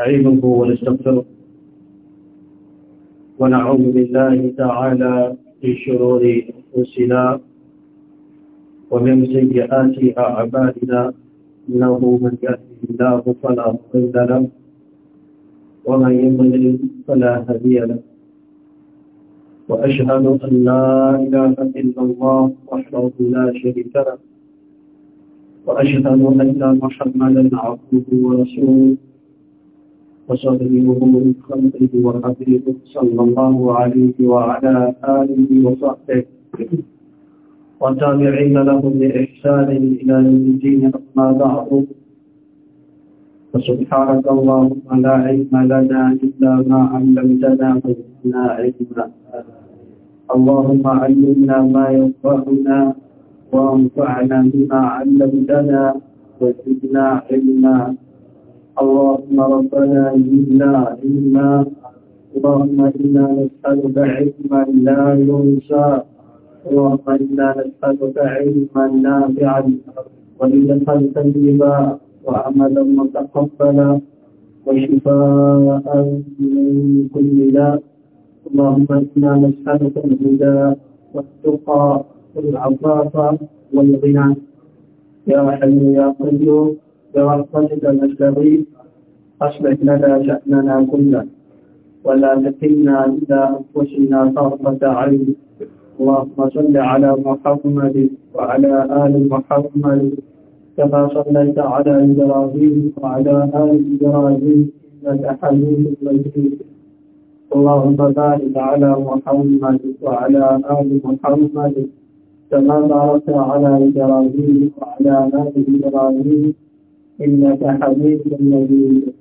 نستعينه ونستغفره ونعوذ بالله تعالى من شرور انفسنا ومن سيئات اعمالنا انه من يهده الله فلا مضل له ومن يضلل فلا هادي له واشهد ان لا اله الا الله وحده لا شريك له واشهد ان محمدا عبده ورسوله وشر الأمور خلقه وحبيبه صلى الله عليه وعلى آله وصحبه وتابعين لهم بإحسان إلى يوم الدين أما بعد فسبحانك اللهم لا علم لنا إلا ما علمتنا فزدنا علما اللهم علمنا ما ينفعنا وانفعنا بما علمتنا وزدنا علما اللهم ربنا إنا إنا اللهم إنا نسألك علما لا ينسى اللهم إنا نسألك علما نافعا ورزقا طيبا وعملا متقبلا وشفاء من كل داء اللهم إنا نسألك الهدى والتقى والعفاف والغنى يا حي يا قيوم برحمتك نستغيث أصلح لنا شأننا كله ولا تكلنا إلى أنفسنا طرفة عين اللهم صل على محمد وعلى آل محمد كما صليت على إبراهيم وعلى آل إبراهيم إنك حميد مجيد اللهم بارك على محمد وعلى آل محمد كما باركت على إبراهيم وعلى آل إبراهيم إنك حميد مجيد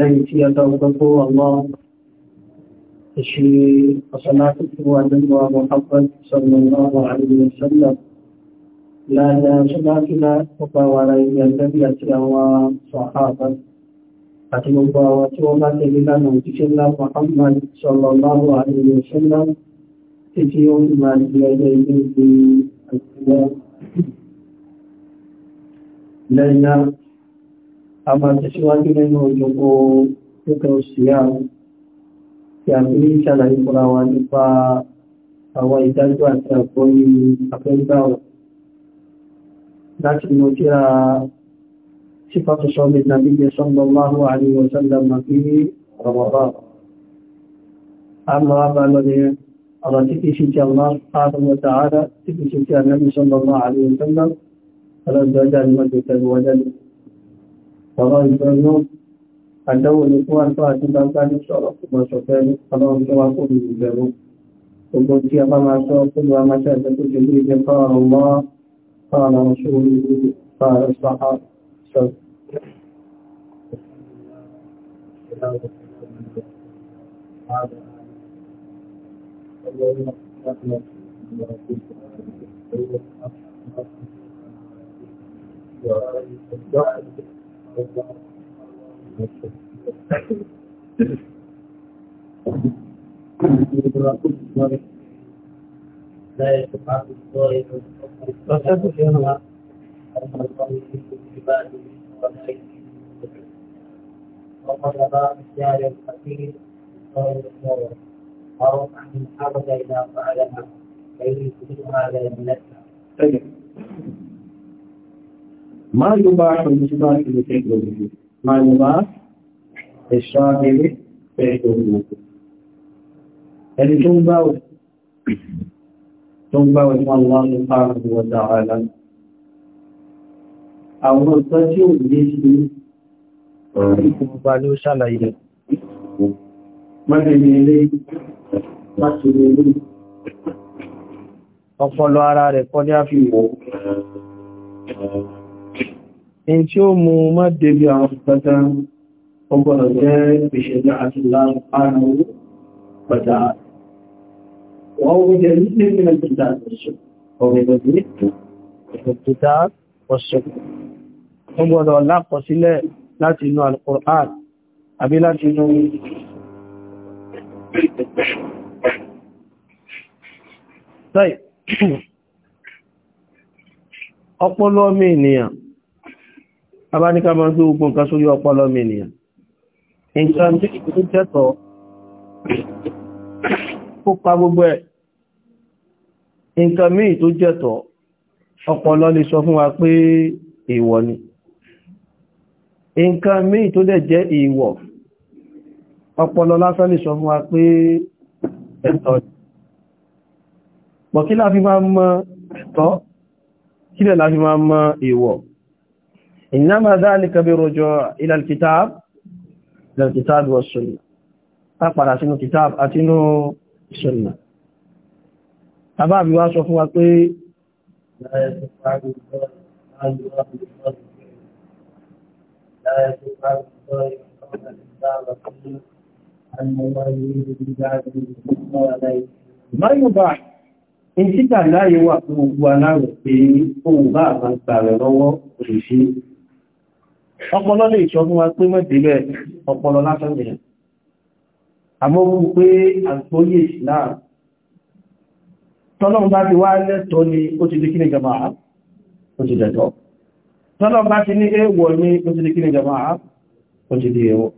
ليس يتوقف الله تشريع وصلاته ودعوة محمد صلى الله عليه وسلم لا لا لا صلاتنا وقوالي النبي أتلوى صحابة أتلوى لنا نوتي نوتشنا محمد صلى الله عليه وسلم تتيون يديه في يجب lẹ́yìnà a máa tẹ̀síwájú nínú ìjọpọ̀ pẹ́kọ̀ sí àwọn tí a fi ní ṣàlàyé fúnra wa nípa àwọn ìdájọ́ àti àkóyí afẹ́gbàwọ̀ láti mọ̀ tí a sífàtọ̀ sọ́lẹ̀ nàbí jẹ́ sallallahu alaihi wa sallam fi ṣe ti Allah subhanahu wa ta'ala tí ṣe ti Ànábì sallallahu alaihi wa sallam ọlọ́jọ́já ni wọ́n ti tẹ̀lú ọjọ́ lè ọ̀rọ̀ ìgbẹ̀rún àdánwò ní fún àtọ́ àti gbangba ní sọ̀rọ̀ ṣùgbọ́n ṣọ̀fẹ́ ní ọlọ́run tó wá kó ní ìgbẹ̀rún gbogbo tí a bá máa sọ fún wa máa ṣe àjẹ́ tó ṣe Thank you. لا يتقاط الصائم فسد فيها أن الله يحب عباده ولا يحب وقد رأى الشارع الخفيف بالصائم الصور معروف أن الحرج إذا فعلها فيريد هذا ابنتها. ما يباح المشترك في فعله ما يباح للشاغل فعله ẹni tó ń báwẹ̀ tó ń báwẹ̀ fún Allah subhanahu wa ta'ala àwọn ọ̀tọ́ tí ó lè ṣe ìfúnba ní ó ṣàlàyé mọ́bìnrin ilé láti lórí ọpọlọ ara rẹ̀ kọ́ ní àfihàn in tí ó mú má débi àwọn pẹ̀tà ọgbọ̀nà jẹ́ ìṣẹ̀lẹ̀ àti láàrín pẹ̀tà wọ́n wọ́n jẹ́ nílé ìpínlẹ̀ pẹ̀tà ọ̀rẹ́gbẹ̀rẹ̀ láti inú al-Qur'an àbí láti inú Ọpọlọ mi ènìyàn abáníká máa ń gbé ogun nǹkan sórí ọpọlọ mi ènìyàn nǹkan tí ìpínlẹ̀ tẹ́tọ̀ ó pa gbogbo ẹ̀ nǹkan míì tó jẹ́tọ̀ ọpọlọ lè sọ fún wa pé èèwọ̀ ni nǹkan míì tó dẹ̀ jẹ́ èèwọ̀ ọpọlọ lásán lè sọ fún wa pé ẹ̀tọ́ ni bọ̀kí láfi máa mọ ẹ̀tọ́ kílẹ̀ láfi máa mọ èèwọ̀ إنما ذلك برجوع إلى الكتاب إلى الكتاب والسنة أقبل أتنو كتاب أتنو السنة أبا بواسف وطي لا يتفعل لا يتفعل ما يباح إن كتاب لا يوقف ولا يوقف ولا يوقف ولا يوقف ọpọlọ lè sọ fún wa pé mọ́tẹ̀lẹ̀ ọpọlọ lásán jẹ́ àmọ́ mú pé àgbóyè islam tọ́lọ́m bá ti wá lẹ́tọ́ ni ó ti dìkí ní jama ó ti dẹ̀tọ́ tọ́lọ́m bá ti ní èèwọ̀ ni ó ti dìkí ní jama ó ti di èèwọ̀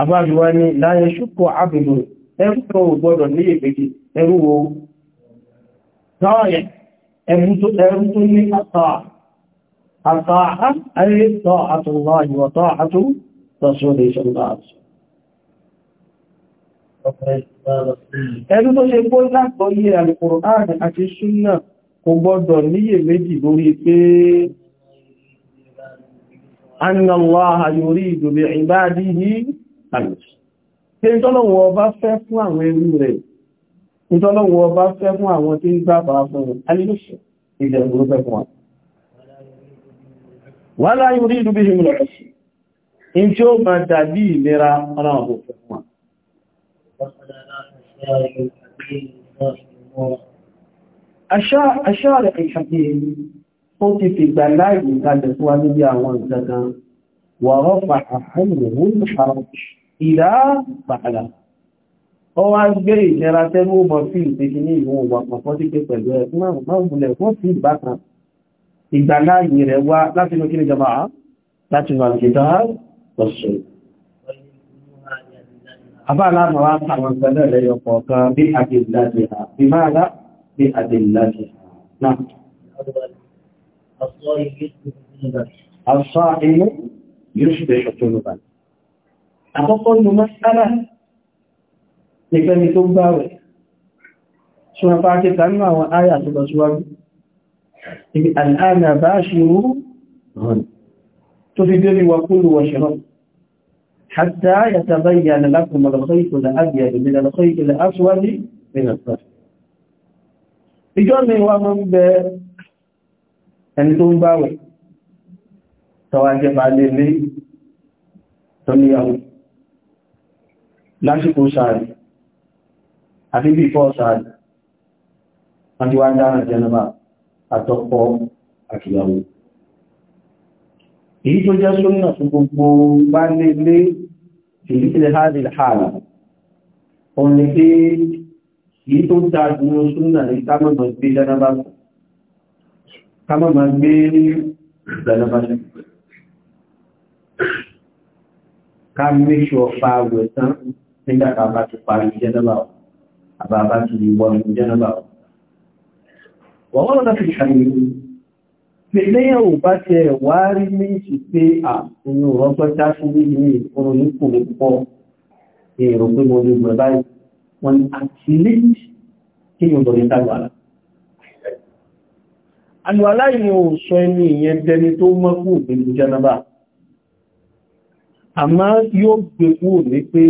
àbájúwá ni láyé ṣúkọ̀ àbìlò ẹrù tó gbọ́dọ̀ ní ìgbèjì ẹrù wo ẹrù tó ní àtàà الطاعة أي طاعة الله وطاعة رسوله صلى الله عليه وسلم ẹni tó ṣe gbó lápọ̀ yí Al-Qur'an àti Sunnah kò gbọdọ̀ níyè méjì lórí pé anna Allaha yuridu bi ibadihi àlùsù pé ìtọ́lọ̀wọ̀ ọba fẹ́ fún àwọn ẹrú rẹ̀ ìtọ́lọ̀wọ̀ ọba fẹ́ fún àwọn tí ń gbáfà fún alìlúṣù ilẹ̀ ìgbòrúfẹ́ fún wọn wà láyé orí ìdúbí ìmú lọ sí in tí ó máa dàbí ìlera ọlọ́ọ̀bọ̀ fún wọn aṣáàrẹ̀ ìṣàkíyè ó ti fi gbà láìwò kalẹ̀ fún wa níbi àwọn ìjọba wà rọ́fà àfẹ́lẹ̀wò ìdá pàdà ó wá gbé ìjẹra tẹ́lú ọmọ fíìlì pé kí ní ìwọ̀n wà pàpọ́ sí pé pẹ̀lú ẹ̀ ìgbàláyì rẹ̀ wá láti lókè ní jama láti wà nìta lọ́sọ̀. Àbá aláàmà wá àwọn ìgbàlẹ̀ rẹ̀ yọ kọ̀ọ̀kan bí àdìláti ha, bí máa rá bí àdìláti ha. Náà. Àṣọ́ Àkọ́kọ́ inú mọ́sálà nìkan tó gbáwẹ̀. Ṣùgbọ́n bá kí àwọn áyà tó lọ síwájú ibi àlànà bá ṣe rú tó fi dérí wa kúrò wa ṣe rán حتى يتبين لكم الخيط الأبيض من الخيط الأسود من الصفر ìjọ́ mi wá mọ́ ń bẹ ẹni tó ń bá wẹ̀ tọwà jẹba lélé tó níyàwó lásìkò sáàrì àti bí fọ́ sáàrì wọ́n ti wá dára jẹ́nàmà àtọkọ àtìyàwó èyí tó jẹ́ súnnà fún gbogbo bá lè lé ìlíkìlẹ̀ hádìl hàlà òun ni pé èyí tó dáa jùlọ súnnà ní kámọ̀mọ̀ gbé jánabáṣà kámọ̀mọ̀ gbé jánabáṣà ká méṣù ọ̀pá àwẹ̀ tán nígbàtà bá ti parí jánabáṣà wọ́n lọ́nà fi ṣàyẹ̀wò pẹ̀lẹ́ ò bá tẹ wà rí méjì pé à inú rọ́gbọ́ dáṣú níbi ní ìfúnrún ní kò pọ̀ èrò pé mo lè gbọ̀rọ̀ báyìí wọ́n àti léjì kí ni ọ̀dọ̀ ní tàgbàlá àlùwàlá yìí ò sọ ẹni ìyẹn dẹni tó mọ́kù pẹ̀lú jẹ́nàbà àmá yóò gbé kúrò ní pé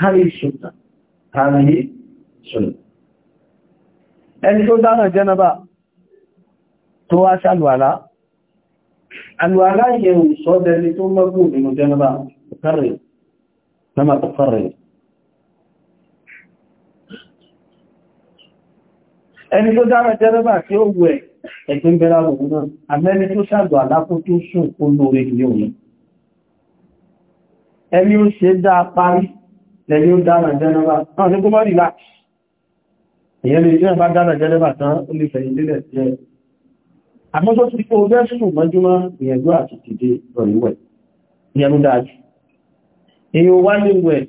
هذه السنة هذه سنة ẹni tó dára jẹ́nàbà tó wá sí alwàlá alwàlá yẹ̀wò sọ́dẹ̀ ni tó mọ́gbò nínú jẹ́nàbà kọ̀kọ̀rẹ̀ lọ́mà kọ̀kọ̀rẹ̀ ẹni tó dára jẹ́nàbà tí ó wẹ̀ ẹ̀kín bẹ́ra lòun náà àmẹ́ni tó sàlwàlá kó tó sùn kó lóore ìyẹ̀wò lẹ́yìn ó dára jẹ́nẹ́bà náà ní kó mọ́ rí láti èyàn lè jẹ́ bá dára jẹ́nẹ́bà tán ó lè fẹ̀yìn lélẹ̀ jẹ́ àmọ́sọ́ ti kó bẹ́ sùn mọ́júmọ́ ìyẹ̀gbó àti tìdé ọ̀rẹ́wẹ̀ ìyẹn ló dájú èyàn wá lè wẹ̀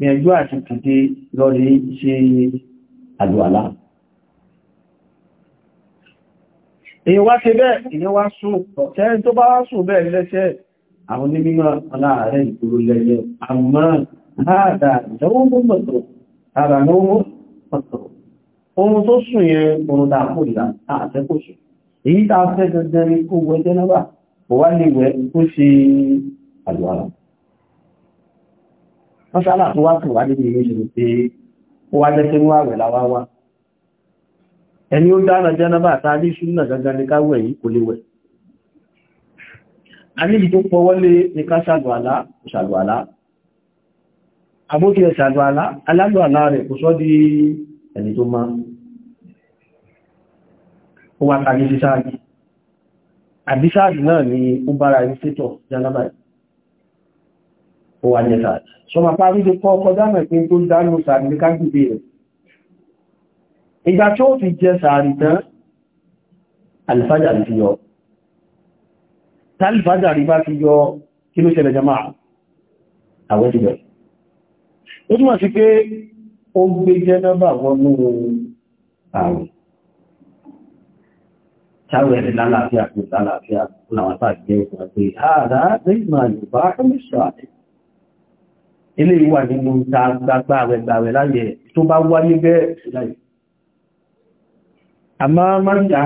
ìyẹ̀gbó àti tìdé lọ́rí ṣe àlùwàlá èyàn wá ṣe bẹ́ẹ̀ ìyẹn wá sùn tẹ́rin tó bá wá sùn bẹ́ẹ̀ lẹ́sẹ̀ àwọn onímọ̀ aláàárẹ̀ ìgboro lẹ́yẹ àmọ́ هذا نوم مطروب هذا نوم مطروب oorun tó sùn yẹn oorun tàà kò ìlà àṣẹ kò sùn èyí tàà fẹ́ dandan ní kó wẹ jẹ́nàbà kò wá lè wẹ kó ṣe àlùwàlà wọ́n sálà tó wá tòwá níbi ìwé ìṣẹ̀lẹ̀ pé ó wá jẹ́ sínú àwẹ̀ láwá wá ẹni ó dára jẹ́nàbà àtàlẹ́ ìṣúná gangan ní káwẹ̀ yìí kò lè wẹ̀ a ní ìdókòwọlé ní ká ṣàlùwàlà ṣàlùwàlà àbókí ẹ̀ṣà alálò àlá rẹ̀ kò sọ́ di ẹni tó máa ó wá tàbí sí sáàgì àbí sáàgì náà ni ó bára ní sétọ̀ janabai ó wà ní sáàgì sọ ma parí ló kọ́ ọkọ̀ dámẹ̀ pé tó dánú sáàgì ní kágbìgbè jama'a àwẹ́ ti ó túnmọ̀ sí pé ó gbé jẹ́nàbà wọnú àrùn táwẹ̀ rẹ̀ lálàáfíà kò lálàáfíà láwọn tàbí ẹ̀kùn pé ààrá lẹ́yìn àyùbá ẹ̀mìṣọ́ àti ilé ìwà nínú gbàgbà àwẹ̀gbàwẹ̀ láyẹ̀ tó bá wáyé bẹ́ẹ̀ láyẹ̀ àmá máa ń jà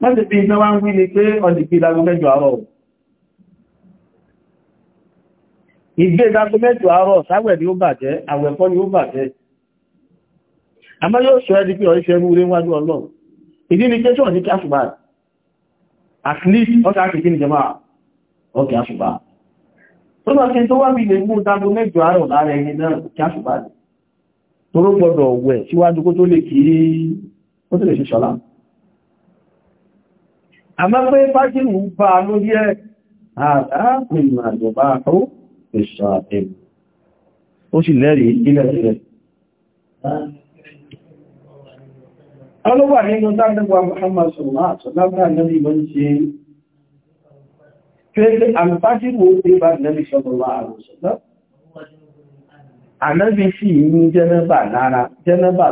láti fi iná wá ń wí ni pé ọdìkì ìdágún mẹ́jọ àárọ̀ ìgbé ìdágún mẹ́jọ àárọ̀ sáwẹ̀ ni ó bàjẹ́ àwẹ̀kọ́ ni ó bàjẹ́ àmọ́ yóò sọ ẹni pé ọ̀ṣẹ́ ẹrú rẹ̀ wájú ọlọ́run ìdí ni pé sọ́ọ̀ ní kí àṣùgbà at least ọ̀sá àti kí ni jẹma ọkẹ̀ àṣùgbà tó bá ṣe tó wá bí lè mú ìdágún mẹ́jọ àárọ̀ lára ẹni náà kí àṣùgbà tó ló gbọdọ̀ wẹ̀ síwájú kó tó lè kí ó tó lè ṣe ṣọlá àmọ́ pé fájìmù ń bá lórí ẹ̀ àdáàkùn ìmàjọba àkó ìṣà ẹ̀mù ó sì lẹ́rìí ilẹ̀ ilẹ̀ ọlọ́wà nínú dáadọ́gbà Muhammad sallallahu alaihi wasallam náà ìbọn ṣe pẹ́lẹ̀ àmìfájìmù ó pé bá nẹ́bí sallallahu alaihi wasallam ànábì sì ní jẹ́nẹ́bà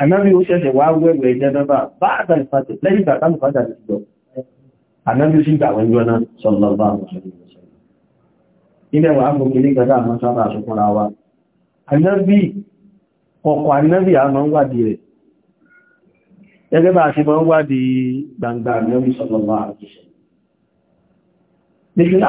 Ànábì ó ṣẹ̀ṣẹ̀ wá wẹ̀wẹ̀ ìjẹ́dọ́bà bá àtàlùfàtẹ̀ lẹ́yìn ìgbàtàlùfàtẹ̀ àti ìjọ. Ànábì ó sì gbà wẹ́jọ́ náà sọ̀lọ́bà Ilẹ̀ wà fún kìí gẹ́gẹ́ àwọn sábà àṣùkúnra wa. Ànábì, ọkọ̀ ànábì a máa ń wádìí rẹ̀. Gẹ́gẹ́ bá a ṣe máa ń wádìí gbangba ànábì sọ̀lọ́bà àṣùkúnra. Nìkìlá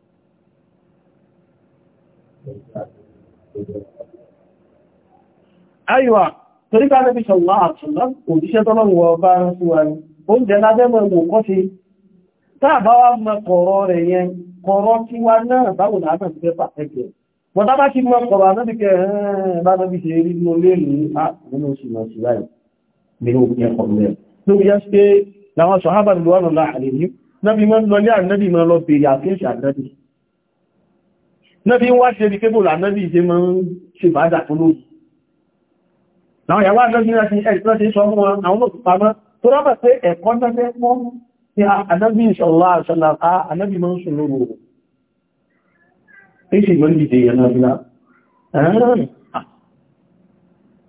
Àyíwá, torí bá lẹ́bí ṣọ̀lá àtúnlá, òjíṣẹ́ tọ́lọ́wọ̀ bá ń fún wa ní, oúnjẹ lábẹ́mọ̀ ìwò kọ́ sí, táà bá wá mọ kọ̀rọ̀ rẹ̀ yẹn, kọ̀rọ̀ tí wá náà báwò láàbẹ̀ fẹ́ pàtẹ́kẹ̀. Wọ́n tá bá kí mọ́ kọ̀rọ̀ àtẹ́bíkẹ̀ bá lẹ́bí ṣe rí nínú lé ní àwọn oṣù náà sí láì nínú òkúnyẹ kọ̀rọ̀ rẹ̀. Ló bí yá Nabi wá ṣe bí kébò lànàbí ìṣe mọ́ ṣe bá dà tó lóòrùn láwọn ìyàwó àjọ́gbìn láti ẹ̀kọ́ ṣe sọ mọ́ àwọn náà pàmọ́ tó rọ́bà pé ẹ̀kọ́ tẹ́fẹ́ mọ́ ní ànábì ìṣọ̀lá àṣọ́lá ànábì mọ́ ń sùn lóòrùn èsì mọ́ níbi ìyẹn náà fílá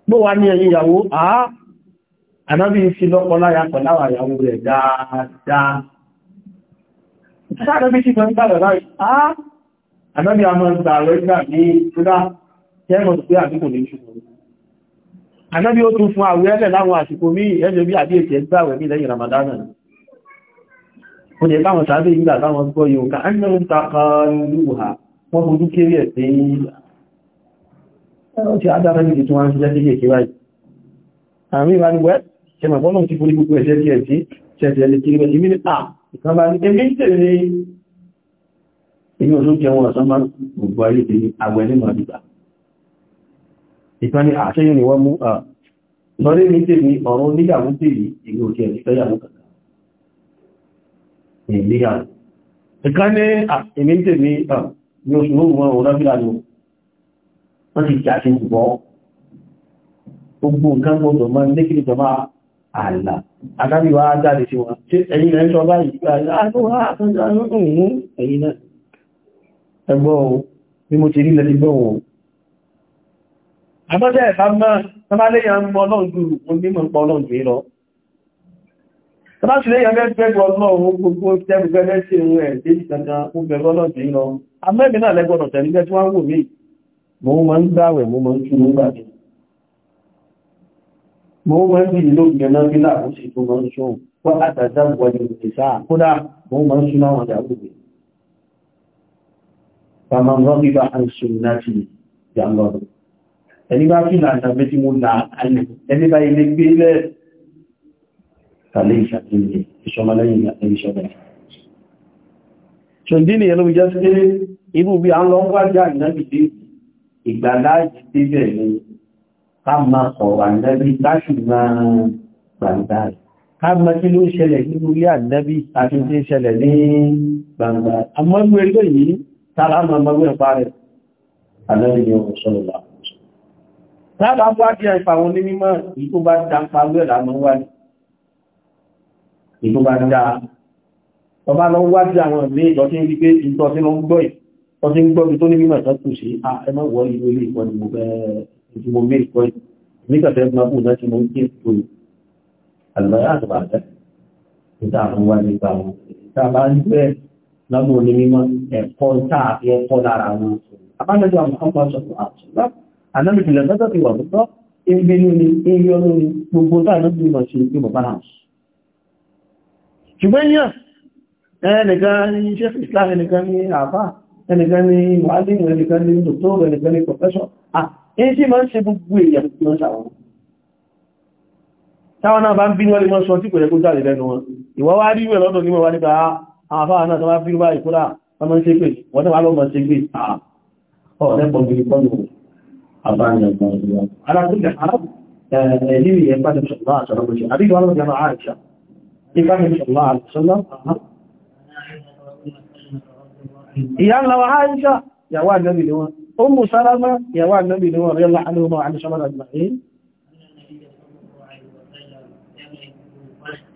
bó wá ní ẹ̀yìn ìyàwó àá ànábì fi lọ́pọ̀ láyà pẹ̀láwà rẹ̀ dáadáa Ànábì àmọ́ ìgbà rẹ̀ gbà ní ṣúdá tẹ́mọ̀ pé àdúkò ní ṣùgbọ́n. Ànábì ó tún fún àwẹ́ ẹ̀lẹ̀ láwọn àsìkò mí ẹjọ́ bí àbí ètì ẹgbà rẹ̀ ní lẹ́yìn Ramadana. Ó dẹ̀ káwọn sáré ìgbà táwọn gbọ́ yóò ká ánìyàn takà lúwà wọ́n fojú kéré ẹ̀ sí ẹ̀rọ ti adára ní ìtún wọn ṣiṣẹ́ kéèkéè kí wáyìí. Àmì ìwà ni wẹ́ ṣe mọ̀ fọ́lọ́ ti forí gbogbo ẹ̀ṣẹ́ kí ẹ̀ sí ṣẹ̀ṣẹ̀ lè kiri èyí olóúnjẹ wọn ọ̀sán máa gbogbo ayé ti ní agbẹ̀lẹ́ máa dìgbà ìtàní àṣẹ́yìn ni wọ́n mú à lọ́rí ní tèmi ọ̀rọ̀ níyàwó tèmi ìlú òkè ìfẹ́yàwó kàkà ìlíyàwó ìkan ní àmì tèmi ní oṣù lóòrùn wọn òun rábílà ní wọ́n ti jà sí gbọ́ gbogbo nǹkan gbọdọ̀ máa ní kí ìjọba àlà adábíwá jáde sí wọn tí ẹ̀yìn rẹ̀ ẹgbọ́ o bí mo ti rí lẹ́ti gbọ́ o àbọ́jẹ́ ẹ̀fà máa tọ́bá léyàn mọ́ ọlọ́run jù onímọ̀ pọ̀ ọlọ́run jù lọ tọ́bá sì léyàn mẹ́gbẹ́gbẹ́ ọlọ́run gbogbo tẹ́gbẹ́gbẹ́ sí ohun ẹ̀ déjì kankan ó bẹ̀rẹ̀ ọlọ́run jù lọ amẹ́bìn náà lẹ́gbọ́dọ̀ tẹ̀lé tí wọ́n wò mí mo máa ń gbàwẹ̀ mo máa ń tún nígbà mi mo máa ń bí ìlú ìgbẹ̀nà bí láàrín sí tó máa ń ṣóhun wọ́n àtàzá wọlé ìsáà kódà mo máa ń súná wọn dàgbùgbẹ̀ fàmà rọ́gbíbà عن sunnati jàmbọ̀dù ẹni bá fi láàrín àbẹ́ tí mo là alẹ́ ẹni bá ilé gbé lẹ́ tàlé ìṣàkíyè ìṣọmọlẹ́yìn àti ìṣọmọlẹ́yìn ṣòdí ni ẹlòmí jẹ́ sí irú bí a ń lọ wájá ìnábìdé ìgbàláàjì débẹ̀ ni ká máa sọ̀rọ̀ ànábì láṣù máa gbàǹdà rẹ̀ ká máa kí ló ń ṣẹlẹ̀ nínú ilé ànábì àti tí ń ṣẹlẹ̀ ní gbàǹdà àmọ́ ẹgbẹ́ yìí tààrà àmà mọ́gbé ẹ̀pá rẹ̀ alẹ́rìnlẹ̀ ọ̀rọ̀ sọ́lọ̀lá tààrà wádìí ẹ̀pà wọn ní mímọ̀ ìtò bá dá pàlú ẹ̀lá mọ́ wádìí ìtò bá dá ọba lọ wádìí àwọn ìlú ìjọ tí ń rí pé ìtọ́ sí lọ ń gbọ́ ìtọ́ sí ń gbọ́ tó ní mímọ̀ ìtọ́kù sí ẹmọ́ wọ ìlú ilé ìkọ́ ni mo fẹ́ ti mo mé náà ti mo ń ké lọ́dún ní mímọ́ ẹ̀kọ́ táà fi ẹ̀kọ́ lára wọn abájọ́jọ́ àwọn kan pọ̀ sọ̀tọ̀ àtúnlá ànábìtìlẹ̀ lọ́dọ̀ ti wà púpọ̀ ebe ní ní eré olórin gbogbo táà ló bí mọ̀ sí pé bàbá náà ṣùgbọ́n yàn Islam ẹnìkan ní àbá ẹnìkan ní wàádìí ẹnìkan ní dòtó ẹnìkan ní professor ah èyí tí máa ń ṣe gbogbo èèyàn tí wọ́n ṣàwọn táwọn náà bá ń bí wọ́n lè àfáà náà tó wá fíru báyìí kúrà ọmọ ṣe pé wọ́n tó wá lọ́mọ ṣe pé ọ̀rẹ́pọ̀ gidi kọ́ lóòrùn àbáyàn ọmọ ìlú alákùnrin àrùn ẹ̀lú ìyẹn bá tẹ̀sọ̀ bá àṣọ́rọ̀ bó ṣe àbíkọ́ lọ́wọ́ jẹ́ máa àìṣà ìbá tẹ̀sọ̀ bá àṣọ́rọ̀ ìyá ńlá wa àìṣà yàwó àjọ́bì ni wọ́n ó mú sárámá yàwó àjọ́bì ni wọ́n rí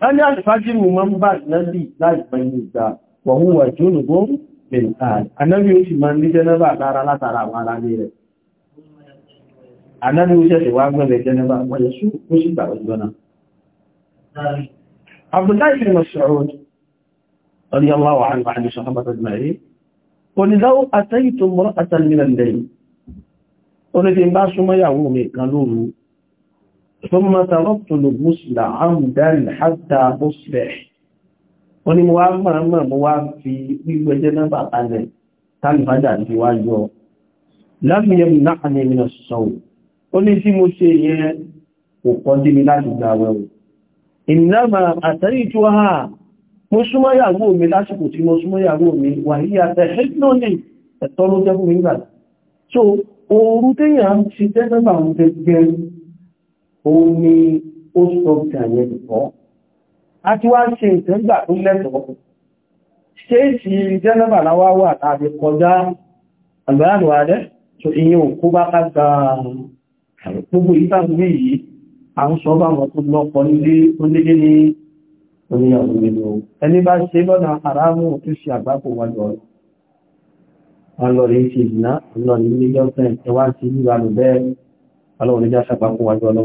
ẹni alifájírù ma ń bá náàbì láìpẹ́ ìgbà wọ̀hún wà jónù bó bẹ̀ anábí ó sì máa ní jẹ́nẹ́bà lára látara àwọn ará ní rẹ̀ anábí ó ṣẹ̀ṣẹ̀ wá gbẹ̀rẹ̀ jẹ́nẹ́bà wọ́yẹ̀ sú ó sì gbà ọjọ́ náà Abdullahi bin Mas'ud radiyallahu anhu wa ثم تركت الغسل عمدا حتى أصبح wọ́n ni mo wá mọ̀rànmọ̀ mo wá fi wíwẹ̀ jẹ́ nọ́mbà kalẹ̀ tánìfàdà ti wá yọ láfíyẹ̀mù náà ní ìmìnà sọ̀rọ̀ ó ní tí mo ṣe yẹn kò kọ́ dí mi láti gba wẹ̀wẹ̀ ìnáma àtẹ́rí tó ha mo súnmọ́ yàwó mi lásìkò tí mo súnmọ́ yàwó mi wà ní àtẹ́ hẹ́tìlónì ẹ̀tọ́ ló jẹ́ fún mi nígbà so òru téèyàn ti tẹ́ òun ni ó sọ bí àyẹ̀ lùtọ́ a ti wá ṣe ìtẹ́gbà tó lẹ́tọ̀ọ́ ṣe ti jẹ́nàbà láwá wà tàbí kọjá àgbàyànwò adẹ́ tó ìyẹn òkú bá kágbà gbogbo ìtàgbé yìí a ń sọ bá wọn tó lọ́pọ̀ nílé tó nílé ní oníyàwó nínú ẹni bá ṣe lọ́nà àrámù tó ṣe àgbákò wà lọ wọn lọ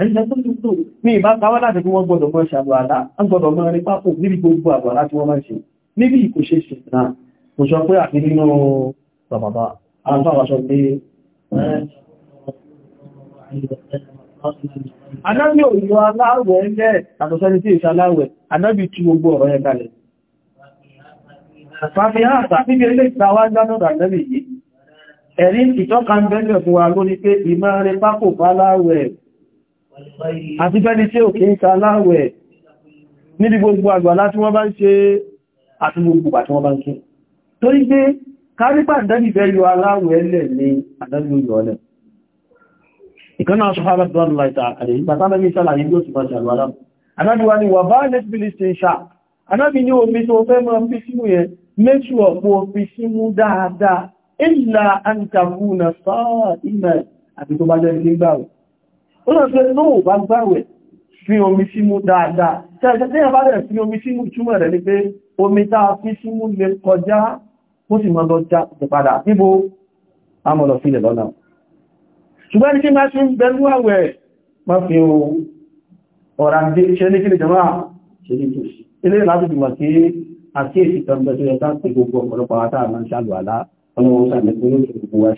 Àìjẹ́ tó ní tó ní ìbá káwọ́ láti kí wọ́n gbọ́dọ̀ mọ́ ṣàbò àlá, ń gbọ́dọ̀ mọ́ rí pápò níbi gbogbo àbò àlá tí wọ́n máa ṣe. Níbi kò ṣe ṣe náà, kò sọ pé àfi nínú bàbàbà, àwọn fàwà sọ pé Anábì òyìnbó aláwẹ̀ ẹgbẹ́ àtọ̀sẹ́ni tí ìṣàláwẹ̀, anábì tí gbogbo ọ̀rọ̀ ẹ kalẹ̀. Fàfihàn àtàbí ilé ìtawà gbánúrà lẹ́bì yìí, ẹ̀rí ìtọ́ka ń bẹ́lẹ̀ fún wa lórí pé ìmọ̀ rẹ̀ pápò bá láwẹ̀ àti fẹ́ni tí ò kí ń ta láwẹ̀ níbi gbogbo àgbàlá tí wọ́n bá ń ṣe àti gbogbo àti wọ́n bá ń kí torí pé kárípà àdábì fẹ́ yọ aláwẹ̀ lẹ̀ ní àdábì yọ ọlẹ̀ ìkan náà sọ́fà bàbá láìta àdèyí bàtà mẹ́rin sálàyé bí ó ti bàjẹ̀ àlọ́ aláwọ̀ àdábì wa ni wà bá lẹ́sìbìlì ṣe ṣà àdábì ní omi tó fẹ́ mọ́ fi símú yẹn méjì ọ̀pọ̀ fi símú dáadáa ìlà àǹtàkùnà sáà àti tó bá jẹ́ nígbàwó ó lọ sí ẹgbẹ́ òwò bá gbáwẹ̀ fi omi símú dáadáa tẹ́ẹ̀tẹ́ tẹ́yà bá rẹ̀ fi omi símú túmọ̀ rẹ̀ ní pé omi tá a fi símú lè kọjá ó sì mọ́ lọ já padà níbo amọ̀lọ̀ sílẹ̀ lọ́nà ṣùgbọ́n ní kí máa ṣe ń bẹ̀rù àwẹ̀ máa fi ọ̀rà dé ṣe ní kílẹ̀ jọmọ́ ṣe ní tó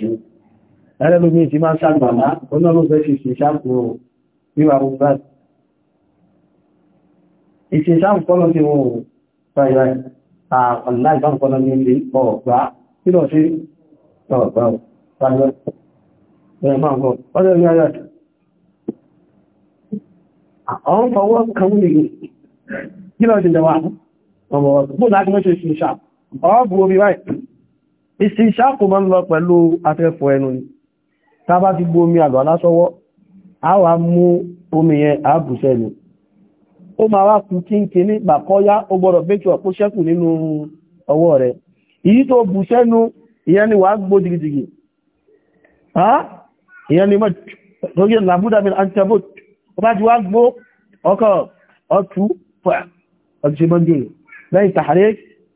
sí ẹlẹ́lómi ti máa ṣàgbàlá onálófẹ́ ṣe ṣèṣàkó wíwà ọgbà ìṣèṣàkó ti wọ́n fàyà àpàlá ìbáǹkọ́lọ́ ní ilé ọ̀gbà kí lọ sí ọ̀gbà pàlọ́ Àwọn fọwọ́ kan lè kí lọ sí ìjọba ọmọ ọ̀gbọ́n láti mọ́ ṣe ṣe ṣàpù. Ọ̀bù omi wáyé. Ìṣìṣàpù máa ń lọ pẹ̀lú afẹ́fọ́ ẹnu ni tá bá ti gbó omi àgbà lásọwọ́ a wà mú omi yẹn àbùsẹ̀ ni ó máa wá kú kí n kí ní pàkọ́yá ó gbọ́dọ̀ bẹ́tù ọ̀pọ̀ ṣẹ́kù nínú ọwọ́ rẹ̀ èyí tó bù sẹ́nu ìyẹn ni wàá gbó digidigi ìyẹn ni mọ́ torí làbúdà mi antabot ó bá ti wá gbó ọkọ̀ ọtú ọ̀tìṣẹ́mọ́ndé lẹ́yìn tàhárẹ́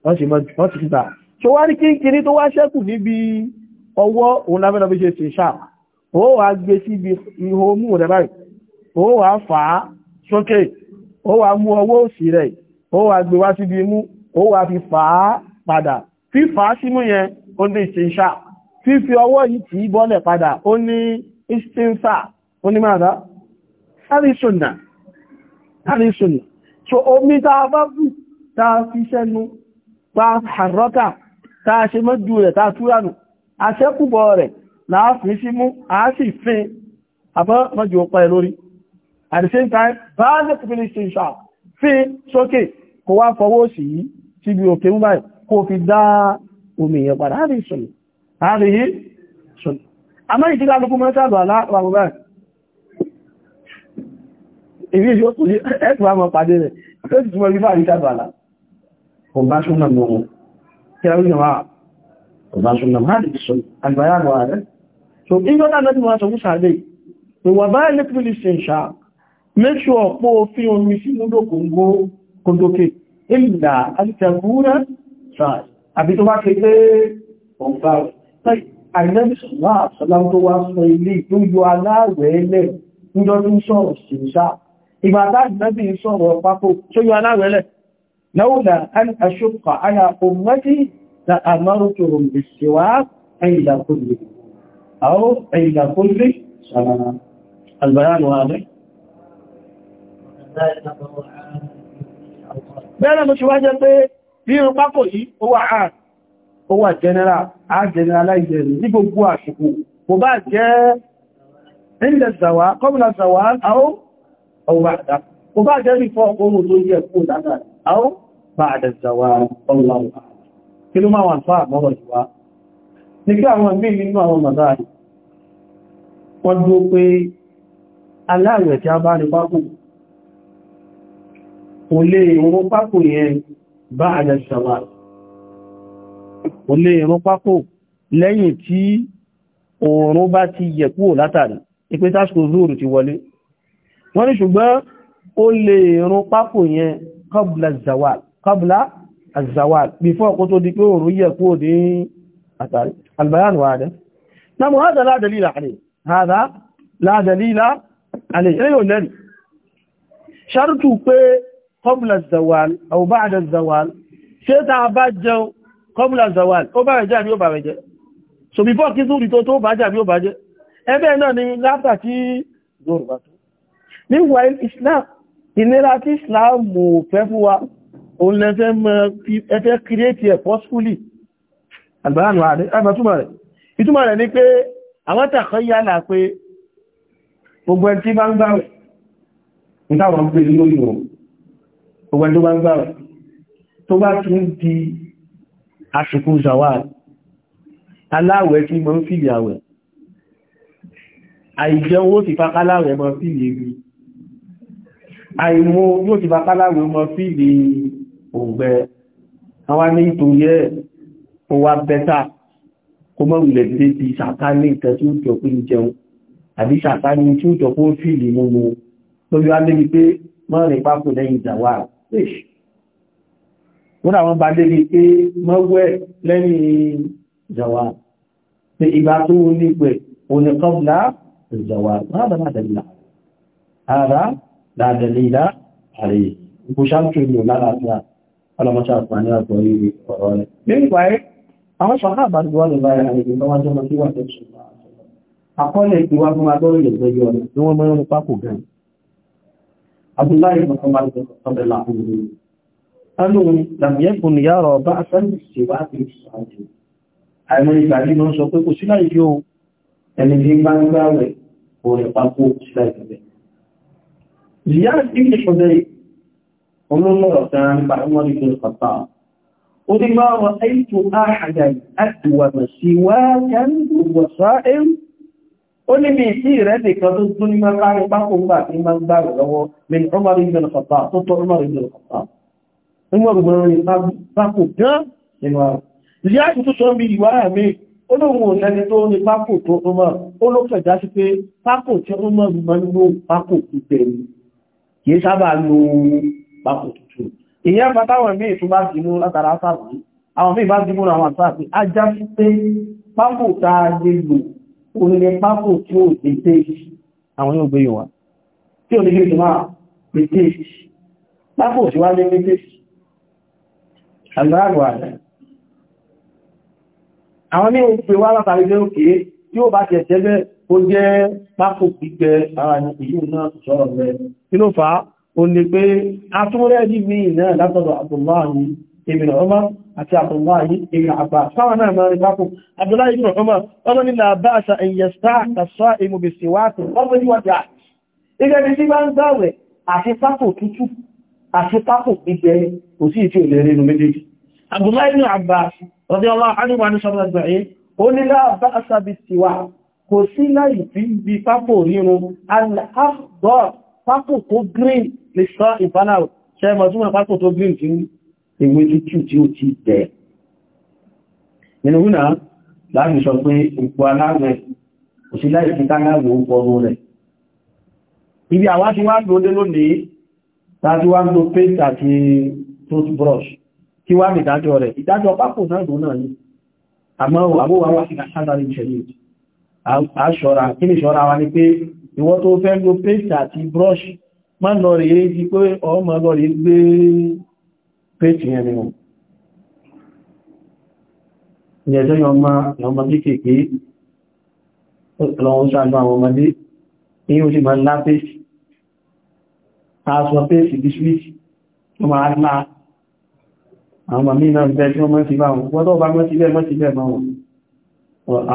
ọ̀tìṣẹ́mọ́ndé tó wá ní kí n kí ní tó wá ṣẹ́kù níbi ọwọ́ òun lábẹ́lọ́bí ṣe ṣe ṣáà ó wà gbé síbi ihò mú rẹ̀ báyìí ó wà fà á sókè ó wà mú ọwọ́ òsì rẹ̀ ó wà gbé wá síbi imú ó wà fi fà á padà fífà á símú yẹn ó ní ìsìnṣà fífi ọwọ́ yìí tí bọ́lẹ̀ padà ó ní ìsìnṣà ó ní máa dá àrísùnà àrísùnà so omi tá a bá bù tá a fi sẹ́nu pa àrọ́kà tá a ṣe láàfin sí mú àásì fín àbọ́ mọ́jú ọpá ẹ lórí at the same time báyẹ̀ tó fílé ṣe ṣà fín sókè kò wá fọwọ́ sí yìí síbi òkè mú báyìí kò fi dá omi yẹn padà á rí ìṣòlù á rí yìí ṣòlù àmọ́ ìdílé alùpùpù mẹ́sàlù aláwọ̀ báyìí èyí ìṣòkù ẹ̀kùn àmọ́ pàdé rẹ̀ tó ti túnmọ̀ rífà ní sàlù àlá kò bá súnmọ̀ mọ́ kí a rí ìjọba kò bá súnmọ̀ mọ́ so ìjọdá náà tí wọ́n sọ fún sàárè pé wà bá electric ṣẹ̀ṣà make sure pó fi omi sí múlò kòngó kòndókè ìlà alìtẹ̀kúrẹ́ sàárè àbí tó bá ṣe pé ọ̀gbà àìlẹ́bìsọ̀lá àṣọ́lá tó wá sọ ilé tó yọ aláwẹ̀ẹ́lẹ̀ níjọ́ tó ń sọ̀rọ̀ ṣẹ̀ṣà ìgbàtà ìgbẹ́bì sọ̀rọ̀ pápó tó yọ aláwẹ̀ẹ́lẹ̀ lọ́wọ́dà aṣọ́kọ̀ àyà òmùwẹ́tí la àmọ́rùtòrò ìṣẹ́wàá ẹ̀yìnlá kò lè أو عند كل صلاة البيان واضح bẹ́ẹ̀rẹ̀ mo ṣe wá jẹ́ pé rírun pápò yìí ó wà á ó wà jẹ́nẹ́rà á jẹ́nẹ́ràláìjẹ́ rẹ̀ ní gbogbo àṣìkò kò bá jẹ́ ilẹ̀ zàwà kọ́bùnà zàwà áó ọwà àdá kò bá jẹ́ rífọ́ ohun tó yẹ kó dáadáa áó bá àdẹ̀ zàwà ọlọ́wà kí ló máa wà fáà mọ́rọ̀ ìwà ní kí àwọn ìmí nínú àwọn mọ̀láàrí wọ́n dúó pé aláàrẹ̀ tí a bá ní pápò kò lè ìrún pápò yẹn bá àjẹ́ ṣàwà kò lè ìrún pápò lẹ́yìn tí oòrùn bá ti yẹ̀ kúrò látàrí ipé tásìkò zóòrù ti wọlé wọ́n ní ṣùgbọ́n ó lè ìrún pápò yẹn qabla zawal qabla azawal tó di pé oòrùn yẹ̀ kúrò ní àtàrí البيان وهذا، نعم هذا لا دليل عليه هذا لا دليل عليه ايوه الذي شرطه قبل الزوال او بعد الزوال شتا باجو قبل الزوال او باجا بي او باجا so before kí zuri tó tó bàjá bí ó bàjẹ́ ẹgbẹ́ náà ni láfà tí zuri bá tó meanwhile islam ìnira tí islam mò fẹ́ fún wa òun lẹ́fẹ́ mọ́ ẹfẹ́ create forcefully àgbàránù ààrẹ àgbàtúmà rẹ̀ ìtumà rẹ̀ ní pé àwọn tàkọ́ yálà pé gbogbo ẹni tí bá ń gbáwẹ̀ ní táwọn gbé lórí wọn gbogbo ẹni tó bá ń gbáwẹ̀ tó bá tún di àsìkò zawal aláwẹ̀ tí mọ́ ń fìlì àwẹ̀ àìjẹun ó ti fàkálàwẹ̀ mọ́ fìlì rí àìmọ́ yóò ti fàkálàwẹ̀ mọ́ fìlì òǹgbẹ àwọn ní ìtòyẹ́ ó wá bẹ́tà kó mọ́ wùlẹ̀ tí ti sàtánì ìtẹ́ tí ó jọ pé ń jẹun àbí sàtánì tí ó jọ pé ó fìlì múmu lórí wá débi pé mọ́rin pápò lẹ́yìn ìjàwá wọ́n àwọn bá débi pé mọ́wẹ́ lẹ́yìn ìjàwá pé ìgbà tó ń nípẹ̀ oníkọ́bùlá ìjàwá rádà ládàlá ara ládàlá àrẹ̀ ìgbòṣàtò ìlú lára àwọn ṣọ̀rọ̀ àbájúwà lè báyà àìyè tó wájọ́ lọ sí wà tẹ́ ṣùgbọ́n àkọọ́lẹ̀ ìwà fún agbórí ìgbẹ́jọ́ rẹ̀ tí wọ́n mọ́rún pápò gan abúláyé mọ̀kànlá ọ̀bẹ̀ làkúrú ẹnu làmìẹ́kùn yàrá ọba asẹ́lẹ̀ ìṣèwádìí ìṣàjò àìmọ́ ìgbà ní wọ́n sọ pé kò sí láì yóò ẹni tí bá ń gbá rẹ̀ kò rẹ̀ pápò sí قل ما رأيت أحدا أدوم سواك الوسائل قل لي سيرة كذلك ما قال بقوم بات ما قال من عمر بن الخطاب طط عمر بن الخطاب عمر بن الخطاب بقوم جاء من ìyá ìtútọ́ bí ìwárà mi olóòwò lẹni tó ní pákò tó ọmọ olófẹ̀dá sí pé pákò tí ó mọ̀ mọ́ ń lò pákò pípẹ̀ kìí sábà lo pákò tuntun ìyẹn fatáwọn mí ìtún bá dìmú látara sáàbù àwọn mí bá dìmú àwọn àtàbí ajá sí pé pápò táa lè lò onílé pápò tí ó dèdè àwọn yóò gbé yíwa tí ó lè gbé máa dèdè pápò tí wá lé dèdè àgbàgbà rẹ̀ àwọn ní òpè ó ní pé atúnrẹ́rí mi náà látọ̀dọ̀ Abdullahi ibn Umar àti Abdullahi ibn Abbas sáwọn náà máa rí pápù Abdullahi ibn Umar ọmọ nílà bá kò sí bí tó green lè sọ ìfànàwò ṣẹ́mọ̀ túnmọ̀ pápò tó green tí ewé tútù tí ó ti tẹ̀. nínú wúnà láti sọ pé òpó aláwẹ̀ òsílá ìfìkáláwò ó pọ̀rọ̀ rẹ̀ ibi àwa ti wá lóde lónìí láti wá lo paint àti toothbrush kí wá nìdájọ́ rẹ̀ ìdájọ́ pápò náà lò náà ni àmọ́ àbówà wá sí kàṣádàrí ìṣẹ̀lẹ̀ àṣọ́ra kí ni má lọ rí di pé ọmọ lọ rí gbé pẹ́tì yẹn ni ìyẹ̀jọ́ yọmọ kéèkéé lọ́wọ́ sáàlú àwọn ọmọdé ní ó sì máa ńlá pẹ́sì aṣọ pẹ́sì bí swíṣì tó máa ńlá àwọn màmí náà bẹ́ tí wọ́n mọ́ sí báwọn wọ́n tó bá mọ́ sí bẹ́ẹ̀ mọ́ sí bẹ́ẹ̀ báwọn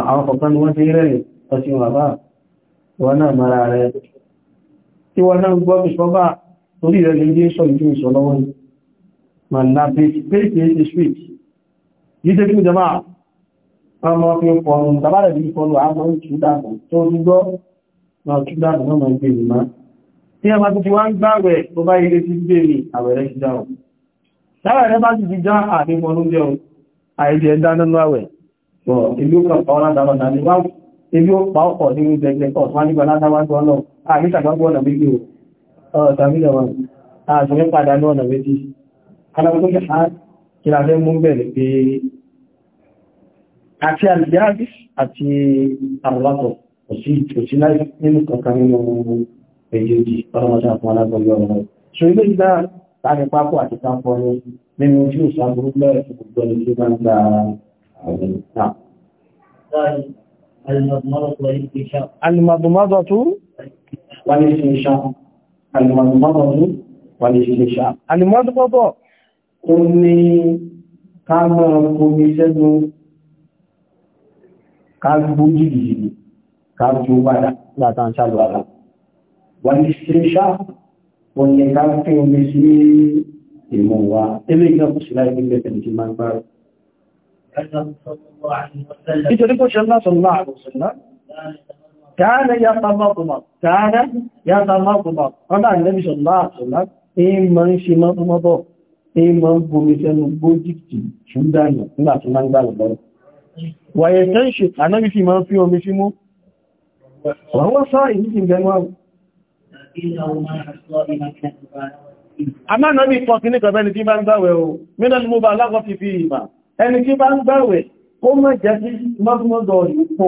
àwọn kọ̀ọ̀kan ni wọ́n ti rẹ̀ ọ̀sìn tí wọ́n náà gbọ́ bí ṣọ́bá torí rẹ̀ lè sọ ìjú ìṣọ́lọ́wọ́ ni ma na pèsè pèsè street yíde kí jama ọmọ fi fọ́nù tàbára bí fọ́nù àmọ́ ìtúdàkùn tó ń gbọ́ na ìtúdàkùn náà ma gbé nìmá tí a ma ti wá ń gbáwẹ̀ tó bá ilé ti gbé ní àwẹ̀rẹ̀ ti dáhùn sára rẹ̀ bá ti ti já àfihàn oúnjẹ àìjẹ̀ dáná láwẹ̀ ìlú kan ọ̀rọ̀ dáadáa ní wá ìlú pa ọkọ̀ nínú jẹgbẹ́ ọ̀tún wá nígbà látàwájú ọlọ́run àmì ah, tàbábọ̀ ọ̀nà méjì o tàbí lọ wọn àṣìrí padà ní ọ̀nà méjì alábọ́gbọ́n jẹ́ àkìlàfẹ́ ah, mú bẹ̀rẹ̀ pé àti àlìyàrí àti àrùlátọ̀ òsì láì nínú kankan nínú èjèjì ọlọ́mọdé àfún alágbọ́gbọ́ ọ̀rọ̀ so ilé ìgbà láti pápó àti kápọ̀ ní nínú tí ó sàbúrú bẹ̀rẹ̀ fún gbogbo ẹni tí ó bá Al-Madumadu والاستنشاق المضمضة والاستنشاق المضمضة ó ní ká máa komi sẹ́nu ká gbójú ìyìnì ká tó padà látà ń sálò àlá wọ́n ní ṣíṣá wọ́n ní ká fẹ́ omi sí ìmọ̀ wa ilé ìjọpù sí láì pínlẹ̀ pẹ̀lú ti máa gbára nítorí kó ṣe ńlá sọ láàrùn sí náà كان يتمضمض كان يتمضمض ọ̀dá Ànábì sallallahu alaihi wasallam ìmọ̀ ń ṣe mọ́tọ́mọ́tọ́ ìmọ̀ ń bomi sẹ́nu bójìkì ṣúgbàmì nígbà tí máa ń gbà lọ́rọ̀ wàyẹ̀ tẹ́ṣì Ànábì fi máa ń ẹni tí bá ń gbàwẹ̀ ó mọ̀ sí mọ́tọ́mọ́tọ́ ìpọ̀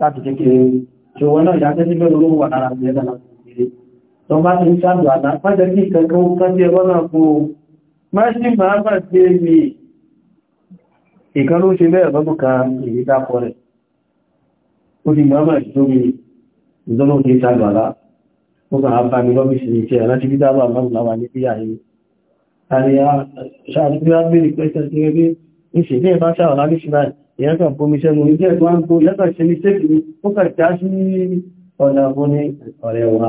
láti kékeré ṣòwọ́n náà ìyáṣẹ́ níbẹ̀ olówó wà lára ìrẹ́lẹ̀ láti kékeré tó bá ti ń ṣàdù àdá pàjẹ́ kí kankan kọ́sí ẹgbọ́n náà fún o má sí máa bà sí èmì ìkan ló ṣe bẹ́ẹ̀ lọ́dún kan èyí dápọ̀ rẹ̀ ó ti máa bà sí tóbi ìdọ́nà ti ṣàdù àdá ó kàn á bá mi lọ́bí sí iṣẹ́ láti bí ní bí èyàn kan kó mi ṣẹ́gun ní jẹ́ ìwọ́n tó yàtọ̀ ṣe ní ṣéèkì ní ó kà já sí ọ̀nà fún ní ọ̀rẹ́ wa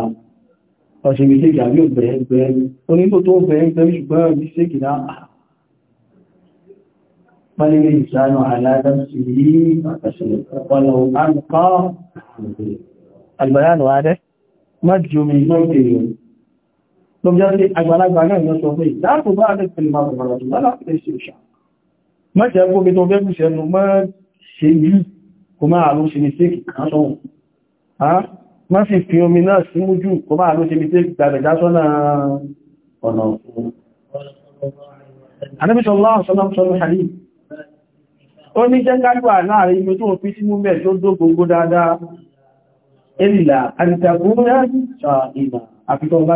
ọ̀ṣẹ̀ mi ṣéèkì àbí òbẹ̀rẹ̀ bẹ̀rẹ̀ onígbò tó bẹ̀rẹ̀ bẹ̀rẹ̀ ṣùgbọ́n mi ṣéèkì náà pálílé ìṣàánú aládàmsì yìí ọ̀nà àǹkọ́ àgbàyànù adẹ́ má jù mi lọ́gbẹ̀rẹ̀ lọ́gbẹ̀rẹ̀ àgbàlagbà náà lọ́sọ̀ pé láàrùn bá adẹ́ pẹ̀lú máa bọ̀rọ̀ má jẹ́ gómi tó bẹ́bù sẹ́nu má ṣe yí kò máa ló ṣe mistake kan lọ́wọ́ má sì fi omi náà sí mújú kò máa ló ṣe mistake gbàgbẹ̀dá sọ́nà ọ̀nà òun ó ní jẹ́ kájúwà láàrin ibi tó fi sí múmẹ̀ tó dó gbogbo dáadáa ìlà àtìtàkúnrẹ́ ìlà àfitọ́ bá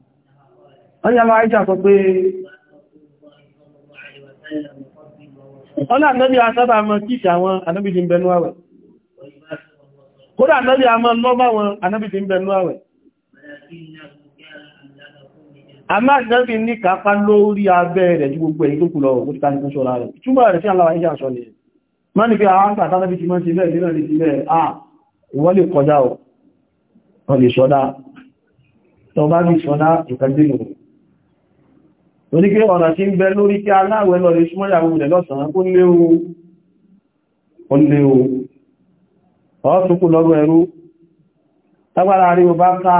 Ọjọ́ máa ìjà sọ pé ọlá ànábí asábà mọ́ kíkì àwọn ànábí ti ń bẹnú àwẹ̀. Kódà ànábí a mọ́ lọ́bá wọn ànábí ti ń bẹnú àwẹ̀. A máa ànábí ní kápá lórí abẹ́ rẹ̀ ju gbogbo èyí tó kù lọ òkúta ní kún ṣọ́ra rẹ̀. Túnbọ̀ rẹ̀ sí aláwà ìjà sọ ni. Má ní pé àwọn ah, àǹkà tánábí ti mọ́ sí bẹ́ẹ̀ nílẹ̀ ní ti bẹ́ẹ̀ à ah, ìwọ́n lè kọjá ọ̀ lè sọ́dá. Tọ́ bá ní sọ́dá ìkàgbé lòrùn torí pé ọ̀nà tí ń bẹ lórí kí aláwẹ̀ lọ lè súnmọ́ ìyàwó rẹ̀ lọ́sàn-án kó lé o ọ́sùnkú lọ́rọ̀ ẹ̀rú tágbàrà rí o bá ká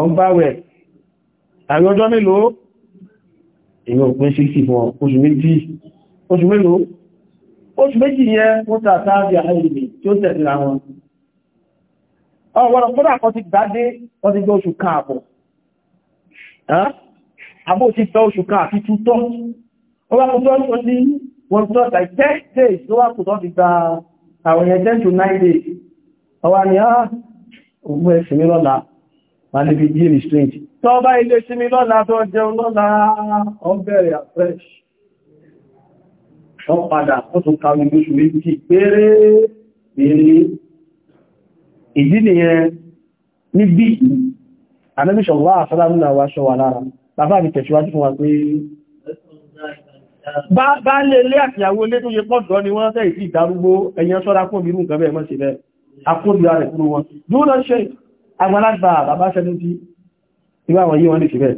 ọgbáwẹ̀ àrí ọjọ́ mélòó èyàn òpin sí sí fún oṣù méjì oṣù mélòó oṣù méjì àbó ti fẹ́ oṣù kan àti tútọ́ ó wá kò tọ́ sọ sí wọ́n tọ́ like ten days ló wá kò tọ́ fi gba àwọn yẹn ten to nine days ọwá ni á ah, òun ẹ̀ sinmi lọ́la wà níbi díẹ̀ restraint tọ́ bá ilé sinmi lọ́la tó jẹun lọ́la ọ bẹ̀rẹ̀ afresh wọ́n padà ó tún ka ojú oṣù méjì péré péré ìdí nìyẹn níbi ànábìṣọ̀wọ́ àfẹ́lámúnà wa ṣọ́wà bàbá mi tẹ̀síwájú fún wa pé bá lè lé àtìyàwó lé tó yẹ pọ́dọ̀ ni wọ́n tẹ́ ìfì ìdárúgbó ẹ̀yẹn sọ́ra fún ìrú nǹkan bẹ́ẹ̀ mọ́ sí rẹ̀ akóbíra rẹ̀ kúrò wọn dúró ṣe àgbàlagbà bàbá ṣẹ́lú tí ìwà àwọn yíwọ́n lè sí rẹ̀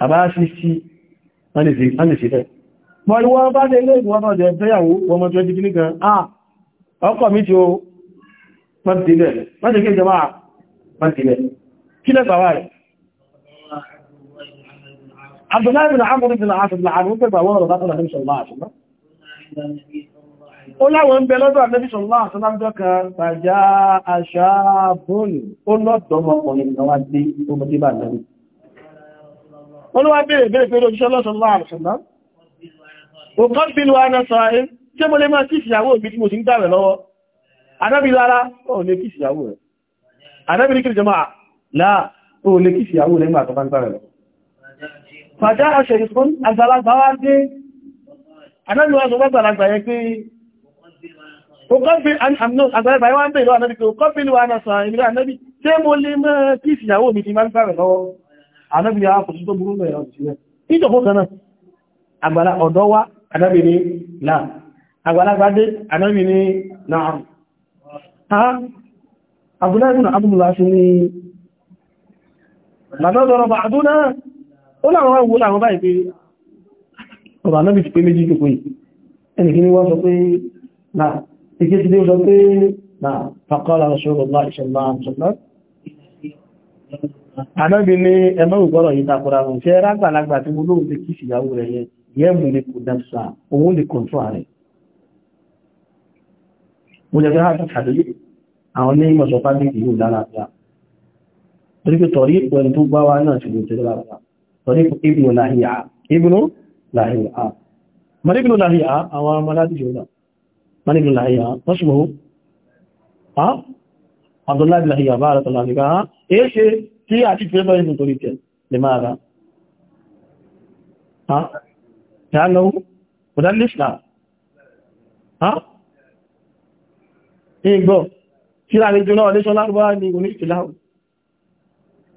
bàbá sí sí wọ́n lè sí rẹ̀ mọ́ ìwọ́n bá lè lé ìwọ́n náà jẹ́ fẹ́yàwó wọ́n mọ́ tó ẹjí kìíní kan ah ọkọ̀ mi tí ó pọ́ntìlẹ̀ عبد الله بن عمرو بن العاص بن عمرو بن باور رضي الله عنه صلى الله عليه وسلم Ọlá wọn bẹ lọ́dọ̀ àmẹ́bí sallallahu alaihi wasallam dọ́ka fàjá aṣáàbùnì ó lọ́dọ̀mọ̀ ọkùnrin ìgbàwà dé ọmọdé bá lẹ́rí. Olúwa bèèrè bèèrè pé lójíṣẹ́ sallallahu alaihi wasallam. Ò kọ́ bí lọ ana sọ́rin, ṣé mo lè máa kí ìyàwó mi tí mo ti ń dáwẹ̀ lọ́wọ́? Anábì lára, ó lè kí ìyàwó rẹ̀. Anábì ní kí ìjọmọ́ à, láà, ó lè kí ìyàwó rẹ̀ nígbà tó bá ń dáwẹ̀ lọ fàjá ọ̀ṣẹ̀ ìfún àgbàlagbà wá dé anáàlùwà ọ̀sọ̀ gbàgbàlagbà yẹ pé àgbàlagbà yẹ wá ń bèèrè lọ́wọ́ anábì pé ó kọ́bílù wà náà sàn ìmìlá anábì tí mo lè mọ́ kí ìsìyàwó mi ti máa ń fàrẹ̀ lọ́wọ́ anábì yà kò sí tó burú mẹ́rọ sílẹ̀ níjọ̀kọ́ kan náà àgbàlá ọ̀dọ́ wá anábì ní náà àgbàlagbà dé anábì ní náà Abdullahi ibn Abdullah shi ne, "Lọ́dọ̀ rọ̀ ba'aduna ó láwọn wá wúlà àwọn báyìí pé ọ̀rọ̀ anábì ti pé méjì jù pé ẹnìkí ni wọ́n sọ pé na ìké ti dé sọ pé na fàkọ́lá Rasulullah ìṣẹ̀lá àṣọ́lá anábì ní ẹmọ́ ìgbọ́rọ̀ yìí takura wọn ṣe rágbàlagbà tí mo lóòrùn lè kí ìyàwó rẹ̀ yẹ yẹ́mù ní kò dáṣà owó lè kọ̀ntọ́ rẹ̀ mo jẹ́ pé hàtà tàbí àwọn ní ìmọ̀ sọ fábíkì yóò lálàáfíà torí pé tọ̀rí ìpẹ́ni tó gbáwá náà ti lè tẹ́lẹ̀ lára tọ́ríkù ibùn láhíà ibùn láhíà mọ̀ríkù láhíà àwọn ọmọláti jùlọ mọ̀ríkù láhíà tọ́ṣùgbọ́ abdullahi láhíà bá rẹ̀ tọ́lá nígbà èé ṣe tí a ti fẹ́ lọ́rin nítorí tẹ̀ lè máa ra ṣánàwó mọ̀dánlẹ́ṣà ìgbọ́ tí a lè jùlọ ọ̀lẹ́ṣọ́lá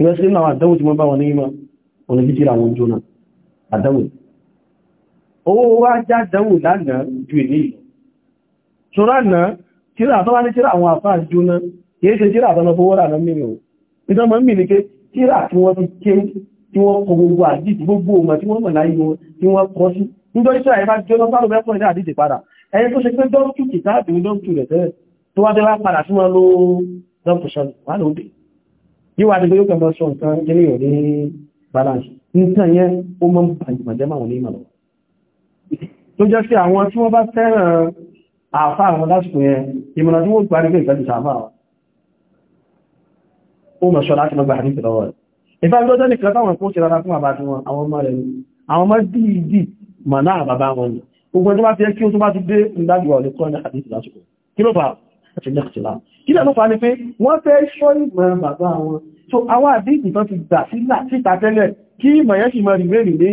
ìwẹ́ sí náà àdáwò tí wọ́n bá wọn ní ìmọ̀ ọ̀nà jíjíra wọn jóná àdáwò owó wá já dáwò lánàá ju èlé ìlú ṣọ́rá náà tíra àtọ́wà ní tíra àwọn àfáà jóná kìí ṣe tíra àtọ́nà fówó rà náà mímọ̀ nítorí mọ́ mìí ní pé tíra tí wọ́n ti ké tí wọ́n kọ gbogbo àdìsí gbogbo ọmọ tí wọ́n mọ̀ láyé wọn tí wọ́n kọ sí nítorí tíra ẹ̀fà jóná sáró mẹ́kọ̀ ní àdìsí padà yíwá àti gbogbo kẹfà sọ nǹkan ilé yóò ní balance nǹkan yẹn ó mọ́ ìmọ̀jẹ́mà wọn ní ìmọ̀ lọ́wọ́ tó jẹ́ sí àwọn tí wọ́n bá fẹ́ràn àfá àwọn lásìkò yẹn ìmọ̀nà tí wọ́n gbà ní ìgbẹ́ ìgbẹ́ àfá wọn ó mọ̀ sọ láti mọ́gbà àdínkù lọ́wọ́ rẹ̀ ìfẹ́ tó jẹ́ nìkan táwọn kó ṣe rárá fún bàbá tí wọn àwọn ọmọ rẹ̀ ni àwọn ọmọ àti lẹ́kìtìlá kí lẹ́nu fa ni pé wọ́n fẹ́ ṣọ́ ìmọ̀ bàbá wọn so àwọn àdíjì tán ti gbà síta tẹ́lẹ̀ kí ìmọ̀ yẹn sì mọ̀ rí mẹ́rin ní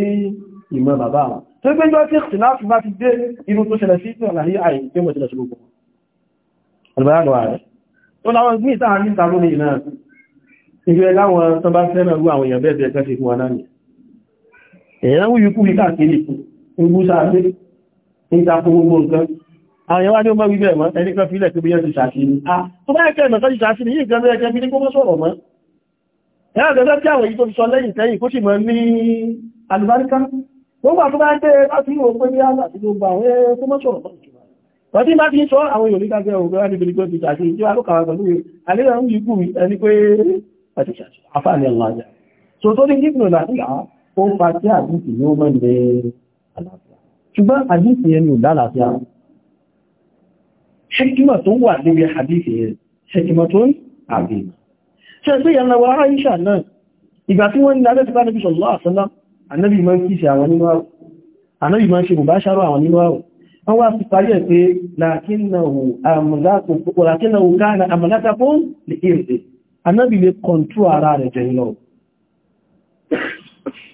ìmọ̀ bàbá wọn tó gbé jọ tí ìtìlá fi bá ti dé inú tó ṣẹlẹ̀ sí ìtìlàlàyé àìyí pé mọ̀ sílẹ̀ sílùkù albayanu ààrẹ tó láwọn gbí ìta àrí ìta lónìí náà ìgbé láwọn tó bá fẹ́ràn rú àwọn èèyàn bẹ́ẹ̀ bẹ́ẹ̀ kẹ́sì fún wa náà ni èèyàn wúyú kú bí káàkiri ń gúúsà pé ń takò àwọn ìwádìí ó mọ́ wíbẹ̀ mọ́ ẹni kan fílẹ̀ tó bí yẹ́ ti ah tó bá ẹ̀kẹ́ ìmọ̀kan ti ṣàfihàn yìí gan mẹ́ẹ̀kẹ́ bí ní kó mọ́ sọ̀rọ̀ mọ́ ẹ̀yà gẹ́gẹ́ tí àwọn èyí tó fi sọ lẹ́yìn tẹ́yìn kó sì mọ́ ní alùbáríkà wọ́n wà tó bá ẹgbẹ́ láti ìwò pé ní àgbà tí ó gbà ẹ́ tó so tó ní gígbìnà làtíyà ó fa sí àdìsí ní ó mọ́ ilẹ̀ àlàáfíà ṣùgbọ́n àdìsí ẹni ò ṣíkímọ̀ tó wà níbi hadithi yẹn ṣíkímọ̀ tó ń àbí ṣe pé yàrá wa Aisha náà ìgbà tí wọ́n ní alẹ́ ti bá níbi sọ̀lọ́ àṣọ́lá anábì máa ń kíṣẹ́ àwọn nínú àwọ̀ anábì máa ń ṣe bùbá ṣáró àwọn nínú àwọ̀ wọ́n wá ti parí ẹ̀ pé làkínàwó gánà àmàlákàpọ̀ lè èrè anábì lè kọ̀ntú ara rẹ̀ jẹ́ lọ ó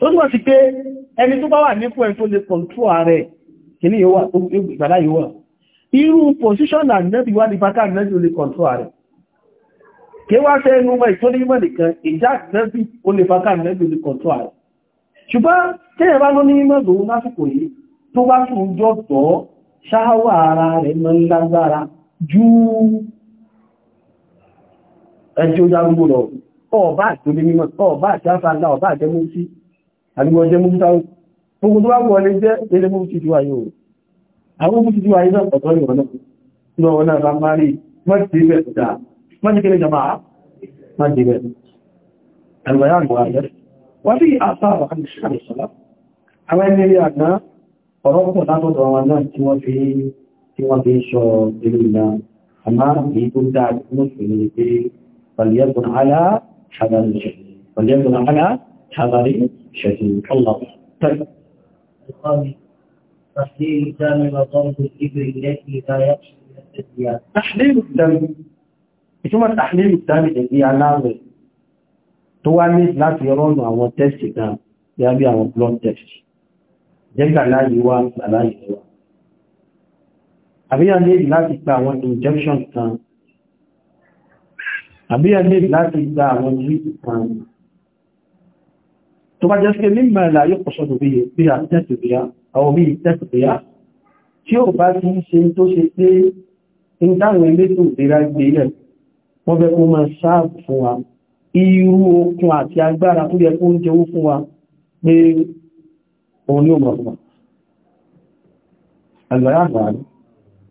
túnmọ̀ sí pé ẹni tó bá wà nípò ẹ̀ tó lè kọ̀ntú ara rẹ̀ kì ní ìgbàlá yóò irú pòsíṣọ́nà nẹ́bí wá ní bákà nẹ́bí ó lè kọ̀ntọ́ rẹ̀ kéwàá ṣe ẹnu mọ́ ìtọ́lé mọ́ nìkan ìjá nẹ́bí ó lè bákà nẹ́bí ó lè kọ̀ntọ́ rẹ̀ ṣùgbọ́n tẹ́yẹ̀ bá ló ní mọ́dọ̀ lásìkò tó ju ẹjọ́ járúgbò lọ ọba àtúndé mímọ̀ ọba àti àfàndà ọba àjẹmú sí àgbẹ̀mọ̀ jẹmú sí táwọn gbogbo tó wá wọlé jẹ́ ilé mú sí ti wáyé òun àwọn ọmọ títí wáyé lọ́pọ̀tọ́ ìwọ̀n náà wọ́n náà bá máa rí wọ́n ti bẹ̀ ọ̀dá wọ́n ni kí lè jọba máa jẹ́ bẹ̀ ẹ̀lọ́yàn wà yẹ́ wọ́n bí àṣà àwọn ìṣàlẹ̀ àwọn ẹni rí àgbá ọ̀rọ̀ pọ̀ látọ̀dọ̀ wọn náà tí wọ́n fi tí wọ́n fi sọ ìlú náà àmá èyí tó dáa mú sí ní pé pàlẹ́kùn alá ṣàbàrí تحليل الدم وضرب الإبر التي لا يخشى من التسبيح تحليل الدم ìtumọ̀ tàhílì ìtàrí ẹ̀bí aláwẹ̀ tó wá ní láti rọ́nù àwọn tẹ́sì kan yá bí àwọn blood test jẹ́gbà láyé wá àláyé wá àbíyàn lè láti gba àwọn injection kan àbíyàn lè láti gba àwọn drip kan tó bá jẹ́ sí mímọ̀ ẹ̀lá yóò pọ̀sọ̀dọ̀ bí i pé àwọn bí tẹ́sùpẹ̀yà ah, tí ó bá ti ń ṣe tó ṣe pé ń dáwọn elétò ìlera gbé ilẹ̀ wọ́n fẹ́ kó máa ṣáàbù fún wa irú okun àti agbára tó yẹ kó ń jẹ́ fún wa pé òun ni ó mọ̀ fún wa àgbàrá àgbàrá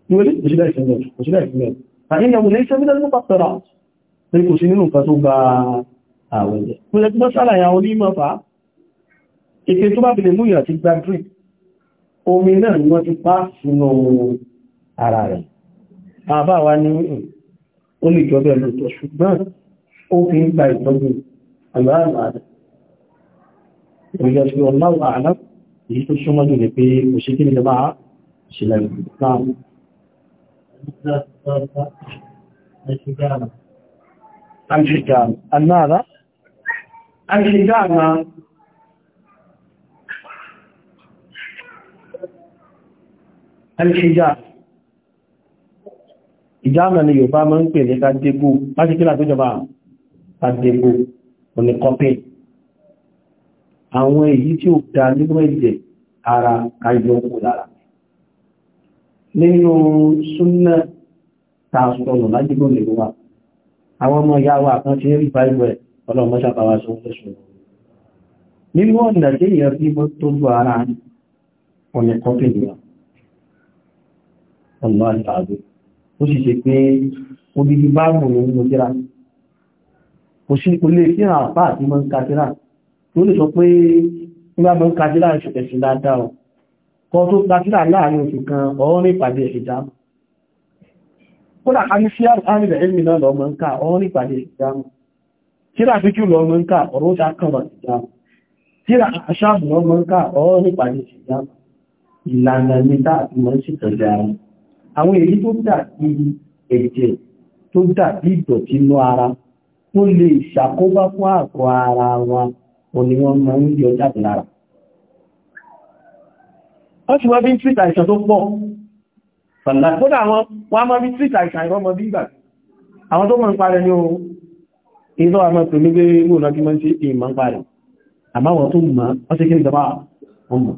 ní orí òṣìlẹ̀ ìfẹ́lẹ̀ òṣìlẹ̀ ìfẹ́lẹ̀ àyíyàn wùlé iṣẹ́ mílẹ̀ ló pàtàrà ní kò sí nínú nǹkan tó gba àwẹ̀lẹ̀. mo lẹ́gbọ́n sálàyà onímọ̀fà ètò tó bá omi náà ni wọ́n ti pá sínú ara rẹ̀ bàbá wa ní hmm, ó lè jọ bẹ́ẹ̀ lóòtọ́ ṣùgbọ́n ó fi ń gba ìtọ́jú àlọ́àmà rẹ̀ ìrìnlẹ̀ sí ọláwà àlá èyí tó súnmọ́ jù ní pé òṣèké ní jọba ṣìlẹ̀ ìpàmù An ṣe gáàmà. An alhijab ìjáàmà ni Yorùbá máa ń pè ní kàdégó pàṣíkílà tó jọba kàdégó òní kọpẹ́ àwọn èyí tí ó dá nínú ẹ̀jẹ̀ ara kàyọkù lára nínú súnnà tààsọ̀nù lájígbò lè wà àwọn ọmọ ìyá wa kan ti rí báyìí rẹ̀ ọlọ́mọ́sàbáwá sọ fẹ́sùn nínú ọ̀nà tí èèyàn fi mọ́ tó lù ara ọ̀nà ọ̀nà ó sì ṣe pé odidi báàbù ní nínú tíra kò sí olè tíra àpá àti mọ́ ń ka tíra tó lè sọ pé nígbà mọ́ ń ka tíra ẹ̀sìn dáadáa kọ́ tó ka tíra láàrin oṣù kan ọ̀rìn ìpàdé ìjà kódà kan sí àárín ẹ̀mí náà lọ mọ́ ń ka ọ̀rọ̀ ìpàdé ìjà àwọn èyí tó dàbí ẹ̀jẹ̀ tó dàbí ìdọ̀tí inú ara tó lè ṣàkóbá fún àgọ́ ara wa òní wọ́n máa ń yọ jáde lára wọ́n ti wọ́n bí ń tríta ìṣàn tó pọ̀ fàndà tó dà wọn wọ́n mọ́ bí tríta ìṣàn ìrọ́mọ bí ìgbà àwọn tó mọ́ ń parẹ ní ohun ìlọ́ àmọ́ pẹ̀lú gbé ìwòrán kí mọ́ sí ìmọ̀ ń parẹ àmáwọ̀ tó mọ́ ọ́ sí kí ní dọ́bà ọmọ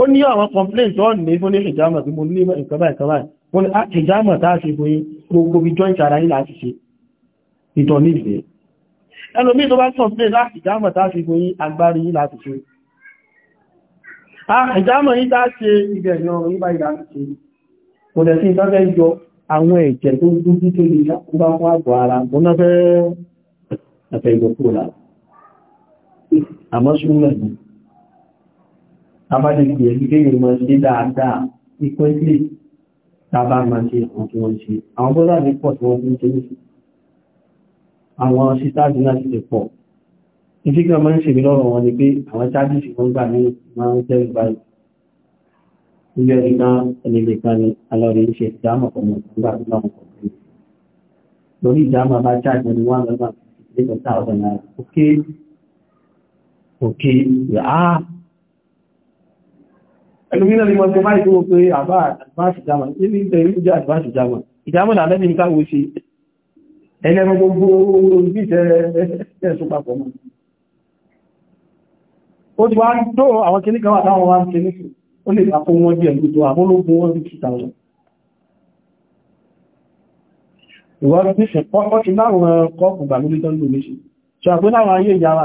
ó ní àwọn complaint wọ́n ní fún ní hijama tí mo ní ìkọba ìkọba wọ́n ní hijama ah, tàà ṣe fún yín gbogbo bí joint ara yìí láti ṣe ìtọ̀ nílùú ẹlòmí tó bá complaint láti hijama tàà ṣe fún yín agbárí yìí láti ṣe hijama yìí tàà ṣe ìgbẹ̀yàn orí bá ìlà ṣe kò dẹ̀ sí ìtọ́fẹ́ yọ àwọn ẹ̀jẹ̀ tó dúdú tó lè bá fún àgbọ̀ ara mo ná fẹ́ ẹ̀fẹ́ ìgbòkúrò lára àmọ́ súnmọ̀ tàbádìgbì ẹ̀lú kí yìí mọ̀ sí dáadáa ikú ilé tàbá máa ṣe ọ̀tún tí wọ́n ṣe àwọn bọ́lá ní pọ̀ tí wọ́n fi ń ṣe nìṣẹ́ àwọn sítáàdì náà ti pọ̀ ìfíkà máa ń ṣe mí lọ́rọ̀ wọn ni pé àwọn chájì sì fún gbà ní máa ń jẹ́ ìbáyìí ilé ẹ̀ríkà ẹnìlẹ̀ kan ni alọ́rin ṣe ìdámọ̀ pọ̀mọ̀ nígbà òkè òkè ẹlùmínà ni mọ̀ tó máa ìgbówó pé àbá advance german níbi ìbẹ̀rẹ̀ ìlú jẹ́ advance german ìdámọ̀ náà lẹ́bìn káwò ṣe ẹlẹ́mọ̀ gbogbo olùgbìtẹ̀ ẹ̀sùn papọ̀ mọ́ ó ti wá tó àwọn kìíní kan wà láwọn wá ń kìíní ó lè pàpọ̀ wọn bí ẹ̀gbùtò àmúlógún wọn bí 2000 ìwọ́n ti ṣe pọ́pọ́ ti láwọn kọ́ọ̀kù gbàmílítọ́ ń lò méṣe ṣàpé láwọn ayé ìyá wà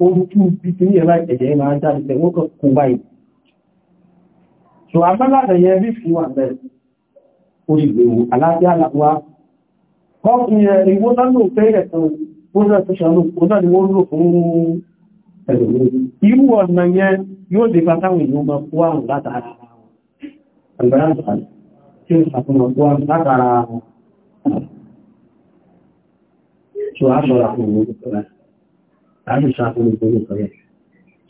ojú pípí ní ẹ̀lá ẹ̀jẹ̀ máa jáde tẹ̀wọ́ kan kò báyìí so agbálàdà yẹn rí fi wà bẹ̀rẹ̀ olùgbèwò aláàbíà làwá ọkùnrin ẹ̀rí wọ́n lọ́nà fẹ́rẹ̀ tán wọ́n náà tó ṣàlọ́ wọ́n náà ni wọ́n lò fún ẹ̀lòmí irú ọ̀nà yẹn yóò lè bá táwọn èèyàn máa kó So, I'm not going to do that àṣìṣà olùgbòrò kọ̀yẹ̀.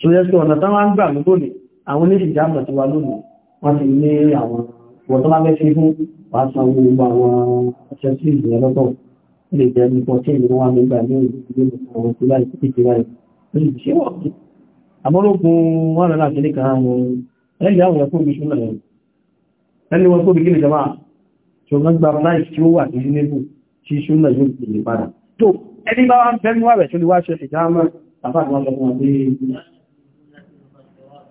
so yẹ́ sí ọ̀nà tán wá ń gbà lókò ní àwọn oníṣẹ́ ìjámọ̀ ti wá lónìí wọ́n ti ní àwọn wọ̀tọ́ lábẹ́ sí fún wá san gbogbo àwọn ọ̀ṣẹ́ sí ìgbìyàn lọ́tọ̀ lè jẹ́ nípa tí ìlú wọn nígbà ní ìlú àwọn ìpínlẹ̀ ìpínlẹ̀ ìpínlẹ̀ àmọ́lógún wọn rẹ̀ láti ní kan àwọn ẹ̀lẹ́ àwọn ẹ̀kọ́ ibi ṣúlẹ̀ rẹ̀ ẹ̀lẹ́ wọn kó bí kí ní jọba ṣùgbọ́n gba price tí ó wà ní nínú tí ṣúlẹ̀ yóò pè padà ẹni bá wọ́n bẹ́nu àwẹ̀ tó lè wá ṣe ìjámọ́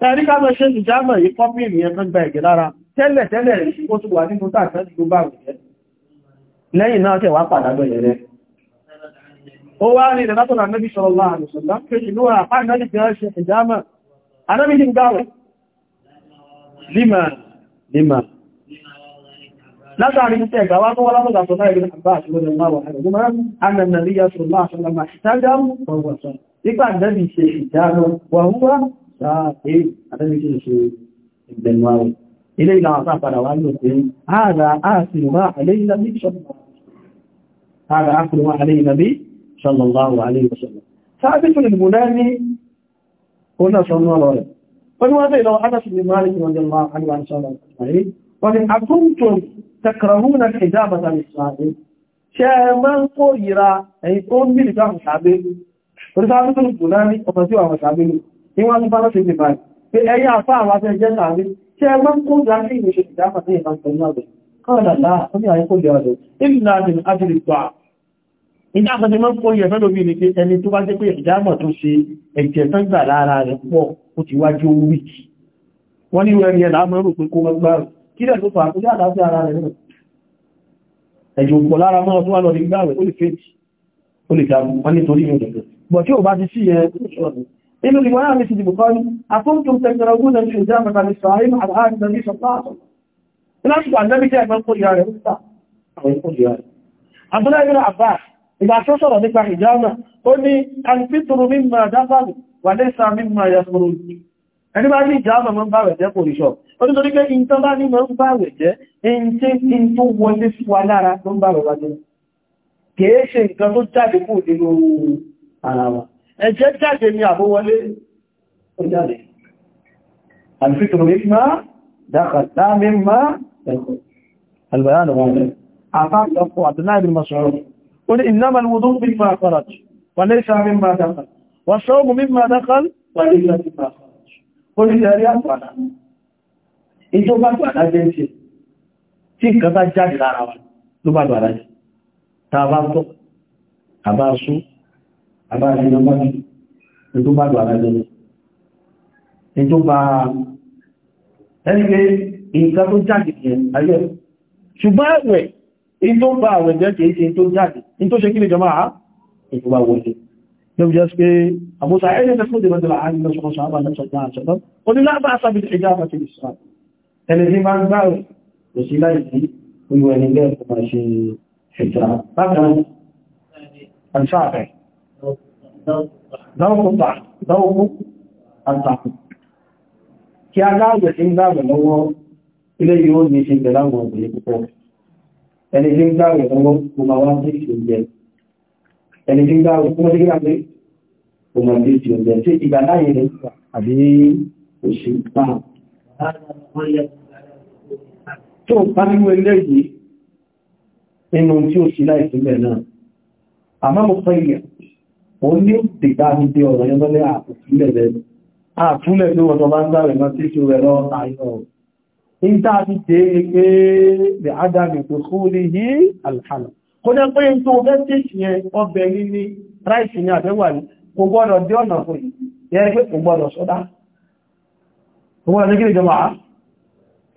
Ẹ̀rí ká mọ́ ṣe ìjámọ̀ yìí kọ́pí ènìyàn tó gba ẹ̀gẹ̀ lára tẹ́lẹ̀ tẹ́lẹ̀ ó tún wà nínú tààtà tó bá rẹ̀. Lẹ́yìn náà tẹ́wàá pàdánù ẹ̀rẹ́. Ó wá rí Nabi sallallahu alaihi wasallam kéjì ló rà pàdánù ẹ̀rẹ́ ṣe ìjámọ̀. Anábí Lima, lima, نظر من تجاوات ولا مضى صناع ابن عباس رضي الله عنهما أن النبي صلى الله عليه وسلم احتجم وهو صائم يبقى النبي سيحتجم وهو صائم النبي سيحتجم ابن الماوي إلينا أعطاك رواه هذا آخر ما عليه النبي صلى الله عليه وسلم هذا آخر ما عليه النبي صلى الله عليه وسلم ثابت البناني هنا صلى الله عليه وسلم ولماذا لو أنس بن مالك رضي الله عنه وعن عليه وسلم wọ́n ni àtúntùn takrahuna ìjábàtà ìsìláàrí ṣe máa ń kó ìra ẹ̀yìn tó ń bìrì sáàmù sàábé orísàábé tó lùkù láàrin ọ̀tọ̀ sí àwọn sàábé ní wọ́n ń bá lọ́sẹ̀ ìgbè báyìí pé ẹ̀yà àfá àwọn afẹ́ jẹ́ sàábé ṣe máa ń kó ìra sí ìrìnṣẹ́ ìjábàtà ìbá pẹ̀lú àgbẹ̀ kọ́ọ̀dà láà ó ní àyíkó jẹ́ ọ̀dọ̀ ìlànà àjìrì gbà ìdá àkọsí mọ́ kó yẹ fẹ́lò bí ní pé ẹni tó bá jẹ́ pé ìdámọ̀ tó ṣe ẹ̀jẹ̀ tán gbà lára rẹ̀ pọ̀ ó ti wájú wíkì wọ́n ní ìwẹ̀ ẹ̀rí ẹ̀lá mọ́rò pé kó mọ́gbàrùn kílẹ̀ tó fà kúrò àdáfẹ́ ara rẹ̀ náà ẹ̀jù òpò lára mọ́ ọdún alọ́dí gbáwẹ̀ ó lè fèjì ó lè jàmù wọ́n ní torí ìrìnlẹ̀ bọ̀ tí ó bá ti sí ẹ̀ inú ìwọ̀n àmì ti dìbò kọ́ni afọ́ntún tẹ̀gbẹ̀rẹ̀gún lẹ́nu ṣe jáàmù tàbí sàárìm àdáhàrí tàbí sọ̀tàtọ̀ ìlàṣùgbà àjẹ́bí jẹ́ ẹgbẹ́ kó ìyá rẹ̀ ó sà àwọn ìkó ìyá rẹ̀ abúlé ìrìn àbá ìgbà tó sọ̀rọ̀ nípa ìjáàmù ó ní alfitru mímọ̀ dáfàlù wà lẹ́sà mímọ̀ onítorí pé ìtàn bá ní mọ̀ ń bàwẹ̀ jẹ́ in tí in tó wọlé sí wa lára tó ń bàwẹ̀ bá jẹ́ kìí ṣe nǹkan tó jáde kú nínú ara wa ẹ̀jẹ̀ jáde ní àbówọlé ó jáde alfitru mímá dákàtà mímá ẹ̀kọ́ albayanu wọn rẹ̀ àbájọpọ̀ àdínáàbì masọ̀rọ̀ ó ní ìnámà lùdó mímá faraj wà ní àpàdà ìjọba tó àdájẹ́ ń ṣe tí nǹkan bá jáde lára wa ló bá bàrá jù ta bá tọ́ àbá sú àbá ìrìnàmọ́jú tó bá bàrá jù ìjọba ẹgbẹ́ nǹkan tó jáde yẹn ayẹ́ ṣùgbọ́n ẹ̀wẹ̀ ìjọba àwẹ̀ jẹ́ kìí ṣe tó jáde ní tó ṣe kí ìjọba àá ìjọba wọlé yóò jẹ́ pé àbúsà ẹ̀yẹ́ tẹ́kùn dìbọn tẹ́lá àárín lọ́sọ̀kọ́sọ̀ àbá lọ́sọ̀kọ́ àṣọ́kọ́ onílábà sábìtì ìjábà ti ìsìnkú ẹni tí bá ń gbáwò kò sí láì sí gbogbo ẹni bẹ́ẹ̀ kò máa ṣe ṣètà bákan àtúràfẹ́ dáwọ́kú àtàkù kí a dáwọ̀ tí ń gbáwò lọ́wọ́ ilé yóò ní ṣe pẹ̀lú àwọn obìnrin púpọ̀ ẹni tí ń gbáwò lọ́wọ́ kò máa wá sí ìṣòjẹ àbí òṣèlú tó bá nínú ilé yìí nínú tí ó sí láì sílẹ̀ náà àmá mo fẹ́ ilẹ̀ ó ní dìgbà ní bí ọ̀rọ̀ yẹn lọ́lẹ́ àtúlẹ̀ lẹ́nu àtúlẹ̀ tó wọ́n bá ń dáre mọ́ sí ṣe rẹ̀ lọ àìyàn ìta ti tẹ́ pé the adam is holy he alhana kó jẹ́ pé tó fẹ́ tí ìṣẹ́ ọbẹ̀ níní ráìsì ní àtẹ́wà ní kò gbọ́dọ̀ dé ọ̀nà fún yẹ́ pé kò gbọ́dọ̀ sọ́dá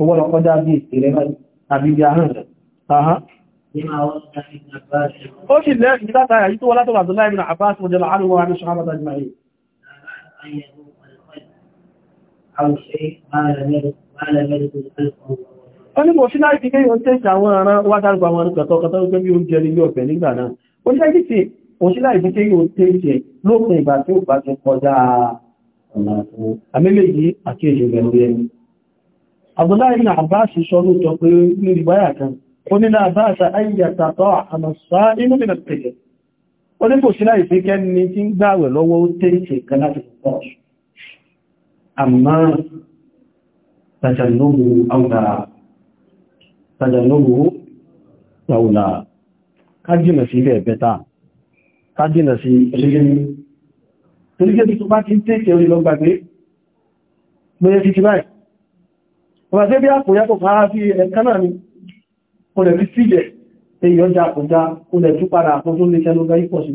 هو لقد أبيت إلى أبي جاهل أها قلت الله كتاب آيات ولا تبع عبد الله بن عباس رضي الله عنه وعن الصحابة أجمعين أو شيء ما لم يرد ما لم يرد الخلق wọ́n ní mo ṣí láì fi kí o tẹ́sì àwọn ará wátàrùkọ àwọn ọ̀rọ̀kọ̀tọ̀ ọ̀tọ̀ bí oúnjẹ ní yóò fẹ̀ nígbà náà o lópin ìgbà tí ó bá ti kọjá ọ̀nà àmì Abdullahi ibn Abbas sọ lóòtọ́ pé ní ìrìbáyà kan, ó ní náà bá ṣe ayyàtà tọ́ àmàṣá inú mi nàtẹ̀lẹ̀. Ó ní kò sí láì fi kẹ́ ní tí ń gbààwẹ̀ lọ́wọ́ ó tẹ́ẹ̀tẹ̀ kan láti pọ̀. Àmá tàjàlógó àwùlà, kájìnà sí ilẹ̀ ẹ̀bẹ̀ta, kájìnà sí ẹlẹ́gẹ́ ọba tẹ́ bí àpò yàtọ̀ pàá fi ẹ̀kan náà ni o lè fi sílẹ̀ èyí ọjà àpòjá o lè tún padà àpò tó lè tẹnu gan ipò sí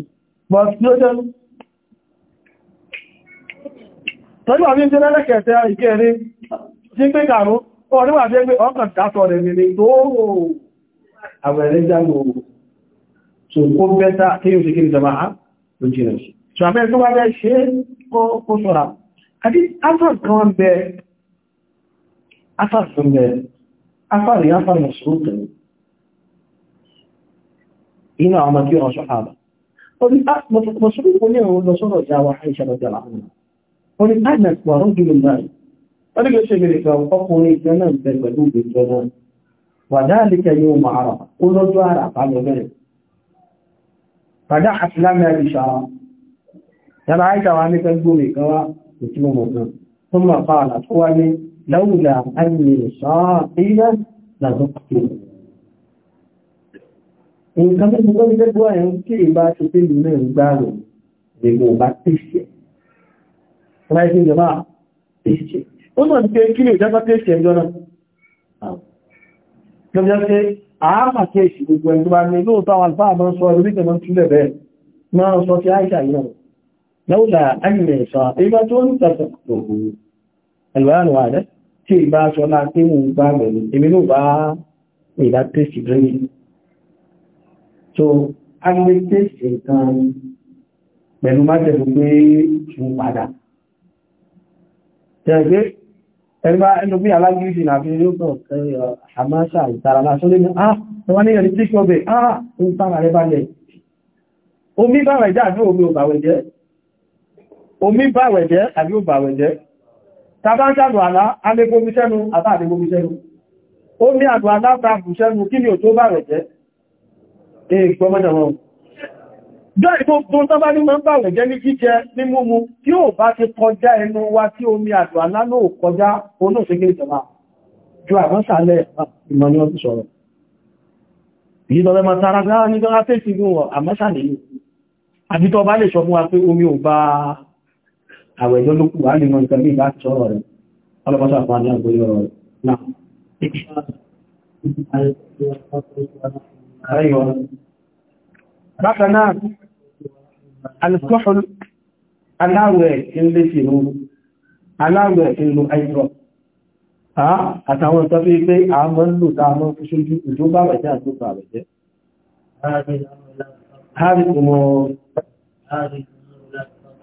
tọ́jú àmì ń jẹ́ lẹ́lẹ́kẹ̀ẹ́sẹ́ ìkẹ́ẹ̀rẹ́ sí pé kàrún ọdún àti ẹgbẹ́ ọkàn tàtọ̀ rẹ̀ nìlẹ̀ tó àwẹ̀rẹ́ jágbò tó kó bẹ́ta tí yóò sì kí ìjọba ló jìnà sí asar sun bẹ̀rẹ̀ asar ni asar mọ̀ṣúrútù ni inú àwọn ọmọdé ọ̀rọ̀ ṣọ́hábà mọ̀ṣúrútù ní ọ̀rọ̀ lọ́sọ́rọ̀ ya wa haisha lọ́jọ́ àwọn orí agnes wà rọ́gbì lọ́rin wọ́n lè ṣe bèèrè kan ọkùnrin ìjọ náà bẹ pẹ̀lú ìjọ náà wà dáàlìkẹ yóò mọ̀ ara ó lọ́jọ́ ara àbálọ bẹ̀rẹ̀ bàdá àtìlámì àbìṣà yàrá àìsà wa ní fẹ́ gbómi kan wá ìtìmọ̀ mọ̀ kan tó mọ̀ fà àlàtọ́wá ní لولا أني شاقيا لذقت nǹkan tó gbogbo ìgbẹ́gbọ́ ẹ̀yìn kí ìbá ṣe pé ìlú ìgbàrò gbogbo bá tẹ́ṣẹ̀ ráìsí ìjọba tẹ́ṣẹ̀ ó náà ti pé kí ní ìjọba tẹ́ṣẹ̀ ẹjọ́ náà gbogbo ṣe àárà tẹ́ṣẹ̀ gbogbo ẹ̀yìn tó bá ní lóòtọ́ àwọn alfáà máa ń sọ orí kan máa ń túlẹ̀ bẹ́ẹ̀ máa ń sọ sí àìṣà yìí náà لولا أن شاقيا tó ń tẹ̀sẹ̀ البيان واضح tí ìbá ṣọ́lá tí mò ń gbá bẹ̀rẹ̀ èmi ló bá ìdá tẹ́sì rẹ̀ so a lè tẹ́sì nǹkan pẹ̀lú má jẹ́ pé ṣùn padà jẹ́gbé ẹgbá ẹnu bí alágídí nà fi ló àmáṣà ìtara ah ẹwà ní ẹni tí ah ń tààrà rẹ balẹ̀ omi bàwẹ̀ jẹ́ àbí omi ò bàwẹ̀ jẹ́ tàbá ń sàdù àlá alẹ́gbómiṣẹ́nu àbá àdẹ́gbómiṣẹ́nu ó ní àdù àlá tàbùṣẹ́nu kí ni ò tó bà rẹ̀ jẹ́ ẹgbọ́mọ́dàmọ́ Bẹ́ẹ̀ tó tó tán bá ní máa ń bà rẹ̀ jẹ́ ní jíjẹ ní múmu tí ó bá ti kọjá ẹnu wa tí omi àdù àlá náà kọjá olóòṣègbè ìjọba ju àwọn sàálẹ̀ ìmọ̀ ni wọ́n ti sọ̀rọ̀. Èyí lọ́lẹ́ máa tara gbára fèsì gún wọ àmọ́sàlẹ̀ Àbítọ́ bá lè sọ wa pé omi ò bá àwẹ̀ tó lókù wà nínú nǹkan bí láti sọ́rọ̀ rẹ̀ ọlọ́pàá fún àjá àgbóyọ rẹ̀ náà ayọ̀ bákan náà alìsọ́fún aláwẹ̀ ilé sínú aláwẹ̀ ìlú àìsọ̀ àtàwọn ìtọ́ fi pé a mọ́ ń lò dáa mọ́ fúṣojú ìjó bá wẹ̀ jẹ́ àtúkọ̀ àwẹ̀ jẹ́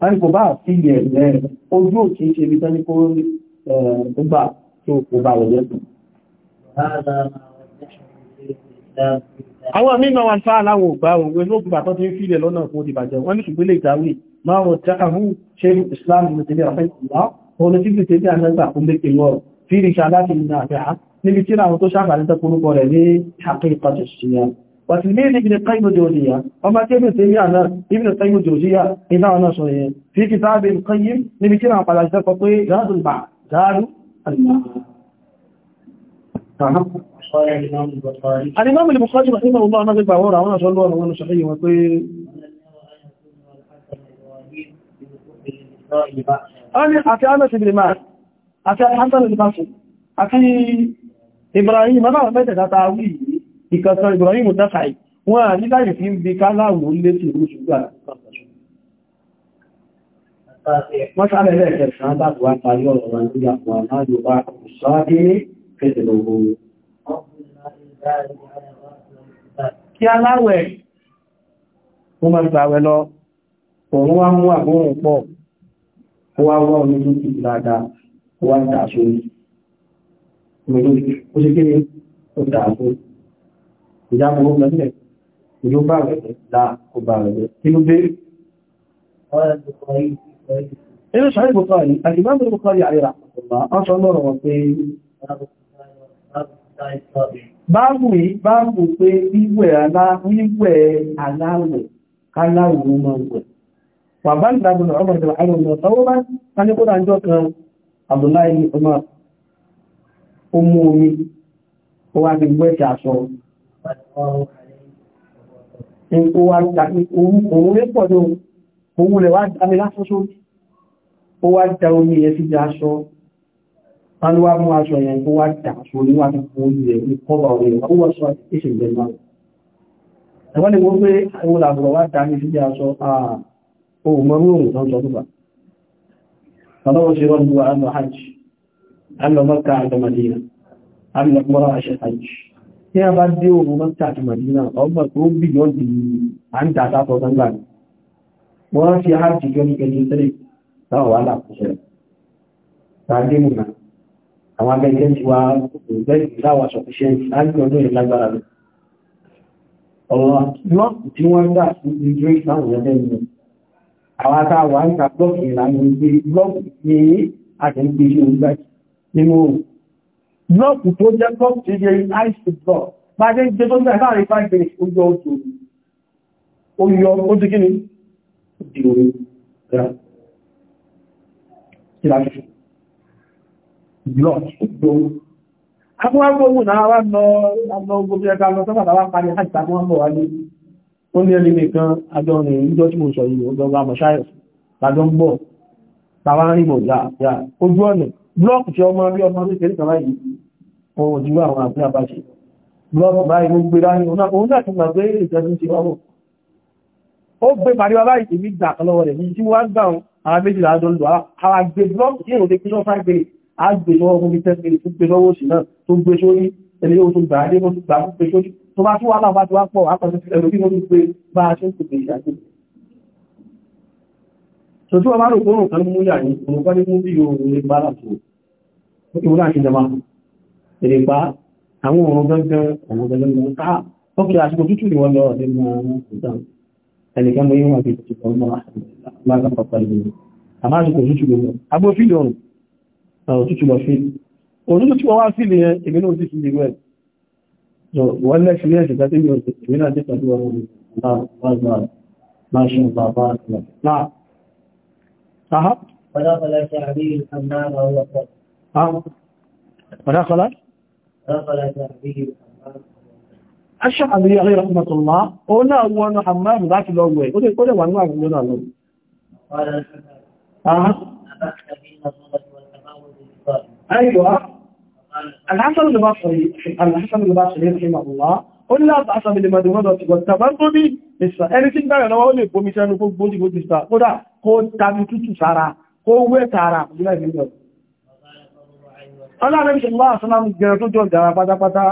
wọ́n kò bá fi ilẹ̀ rẹ̀ ojú òkè ṣe ibi tán ní kó eh, gbà tó kò bá wọlé fún. Àwọn mímọ̀ wọn fà láwọn ògbà òwe lókùn bàtọ́ tí ń fi ilẹ̀ lọ́nà fún ìbàjẹ́ wọ́n ní ṣùgbélé ìdáwì máa rọ̀ ṣe Islam mùsùlùmí ọ̀fẹ́ ìlú ọ̀rọ̀ tí kìí tẹ́lẹ̀ àjẹ́gbà fún lékè lọ́rọ̀ fíìrì ṣe aláti ìrìnà àbẹ́ níbi tí àwọn tó ṣàfàrí tẹ́kùnrúkọ وتلميذ ابن القيم الجوزية وما كيف سيئنا ابن القيم الجوزية إذا نشره في كتاب القيم نبتنا على أجزاء فطوي جاد البعض جاد الماء نعم. الإمام البخاري رحمه الله ما بعورة هو رأونا شاء الله رأونا شحيه وطي أنا أتي أنا بن مالك أتي الحسن البصري أتي إبراهيم أنا ما بيتك أتعويه ìkọ̀sọ̀ Ibrahim Tafai wọ́n a níláyìn fi ń bí káláwò lé sí ìlú ṣùgbà Kí aláwẹ̀ wọ́n máa gbàwẹ̀ lọ, òun wá mú àgbóhùn pọ̀, ó wá wọ́n ní tó ti ìlàdà, ó wá ń dà sórí. Mo ló, ó ṣe kí ni ó dà sórí ìjábọ̀ ó lọ́lẹ̀ ìlú bá rẹ̀ dá kò bá rẹ̀ inú dé inú ṣàrí bukari alìbábí bukari àríra wọ́n sọ lọ́rọ̀ wọ́n pé báàbù yìí báàbù pé wíwẹ̀ aláwẹ̀ káláwù mọ́ wẹ̀ wà bá ní dábùn ọmọ ìjọba àwọn ọmọ ọmọ bá ká ní kódà ìjọ kan Abdullahi ọmọ omi ó wá ti gbẹ́ Nǹkó wa dàbí òun lé pọ̀ tó òun lè wá dámi lásán sórí. Ó wá dá omi ẹ̀ sí jẹ́ aṣọ. Wọ́n ló wá tó kó orí rẹ̀ ní kọ́bà orí rẹ̀. wọ́n sọ ìṣẹ̀ ìgbẹ̀ náà. Ẹ̀wọ́n ni wọ́n pé àwọn olàbùrọ̀ wá dámi sí jẹ́ aṣọ ohun mọ́rú òun tó tí a bá dé òun mọ́ tàbí Màdínà ọgbà tó ń bí yọ́n dìí à ń tàtà tọ́ sángbà ní wọ́n fi hajji jọ ní ẹni tẹ́lẹ̀ táwọn wà láàpùsẹ̀ tàbí múnà àwọn abẹ́jẹ́ ti wá láwà sọ̀fíṣẹ́ láti ọdún ìlágbára rẹ̀ ọ̀rọ̀ tí wọ́n dà sí ìjọ ìsáwọn ẹgbẹ́ mi blọ́ọ̀kù tó jẹ́ blọ́ọ̀kù tó jẹ́ ice block bá jẹ́ jẹ́ tó jẹ́ láàrin five minutes ó yọ ojú ó yọ ó ti kíni di orí ìlàṣù blọ́ọ̀kù tó agbóhùn náà wá lọ gbogbo ẹ̀ka lọ sọ́pàá wá parí àìsàmọ́ ọmọ wá ní ó ní ẹni nìkan adọ́rin ìjọ tí mo sọ yìí ọgbọ́gbà mọ̀ṣáyọ̀ lájọ́ ń bọ̀ tàwárí mọ̀ yà ojú ọ̀nà blọ́ọ̀kù tí ọmọ rí ọmọ oríṣẹ́ ìkàwà yìí ohun òjúwà àwọn àti àbáṣe blọ́ọ̀kù báyìí ló gbé láyé òun láti gbà pé ìjọdún ti wáwọ̀ ó gbé pàríwá báyìí èmi gbà kan lọ́wọ́ rẹ̀ ní tí wá gbà àwọn méjì láàájọ́ lọ àwọn gbé blọ́ọ̀kù tí èèyàn lè kí lọ́fà gbé àgbè lọ́wọ́ fún mi tẹ́sí tó gbé lọ́wọ́ sí náà tó gbé sórí ẹni ó tó gbà á so tí wọ́n bá rò kórùn kan mú yà ní òmùkọ́ ní mú bí oòrùn lè bára tó ókè wọ́n láti jẹma èrè pa àwọn ọ̀rọ̀ gẹ́gẹ́ ọ̀rọ̀ gẹ́gẹ́ ká ókè àsìkò tútù ni wọ́n lọ ọ̀dẹ́ mọ́ ẹnìkan mọ́ yíwọ̀n fi ti pẹ̀lú ọ̀rọ̀ mi máa ń bá máa ṣe أها فدخل شعبي الحمام وهو صائم أها فدخل دخل شعبي الحمام الشعبي عليه رحمة الله قلنا أول حمام ذاك الأول قلت قلت وأنواع قلنا أول قال الحمام أها أبحث بين الصلاة والتفاوض للصائم الحسن البصري الحسن البصري رحمه الله ó ní láti aṣàbìlì mẹ́dùnmọ́dọ̀ ti gbọ́ta bá ń tó bí ìsà بودي بودي. ń bẹ̀rẹ̀ kó tàbí tútù sára kó wé tààrà ìlú ẹ̀mí lọ ọlọ́rẹ́bí ṣe lọ́wọ́ sọ́nàmù gẹ̀rẹ̀ tó jọ ìjàrà pátápátá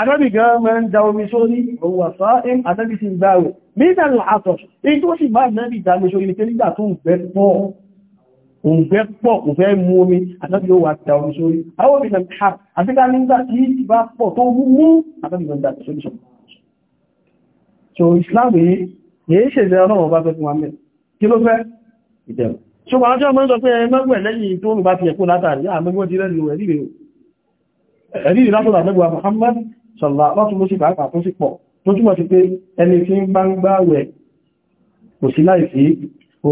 àdọ́bì gẹ̀rẹ̀ mẹ́rin da omi sórí òwò àṣọ́ in àdọ́bì sí ìgbàwò mítàlù àtọ̀ èyí tó sì máa nẹ́bì ìdámi sórí ní tẹ́lígbà tó ń gbẹ́ pọ̀ òǹgbẹ́ pọ̀ kò fẹ́ mú omi àdọ́bì ó wà da omi sórí àwọn òbí nàbí ha àti ká nígbà bá so Islam yìí èyí ṣèlè ọlọ́run ọba fẹ́ fún wa mẹ́rin kí ló fẹ́ ìdẹ̀rù ṣùgbọ́n ọjọ́ mọ́ sọ pé ẹmẹ́gbẹ̀ lẹ́yìn tó rù bá ti ẹ̀kú látàrí àmẹ́gbẹ́ ti rẹ̀lú ẹ̀rí látọ̀lá lẹ́gbà Muhammad sọ̀lá lọ́tún ló sì pàápàá tó sì pọ̀ tó túnmọ̀ sí pé ẹni tí ń bá ń gbá wẹ̀ kò sí láì sí ó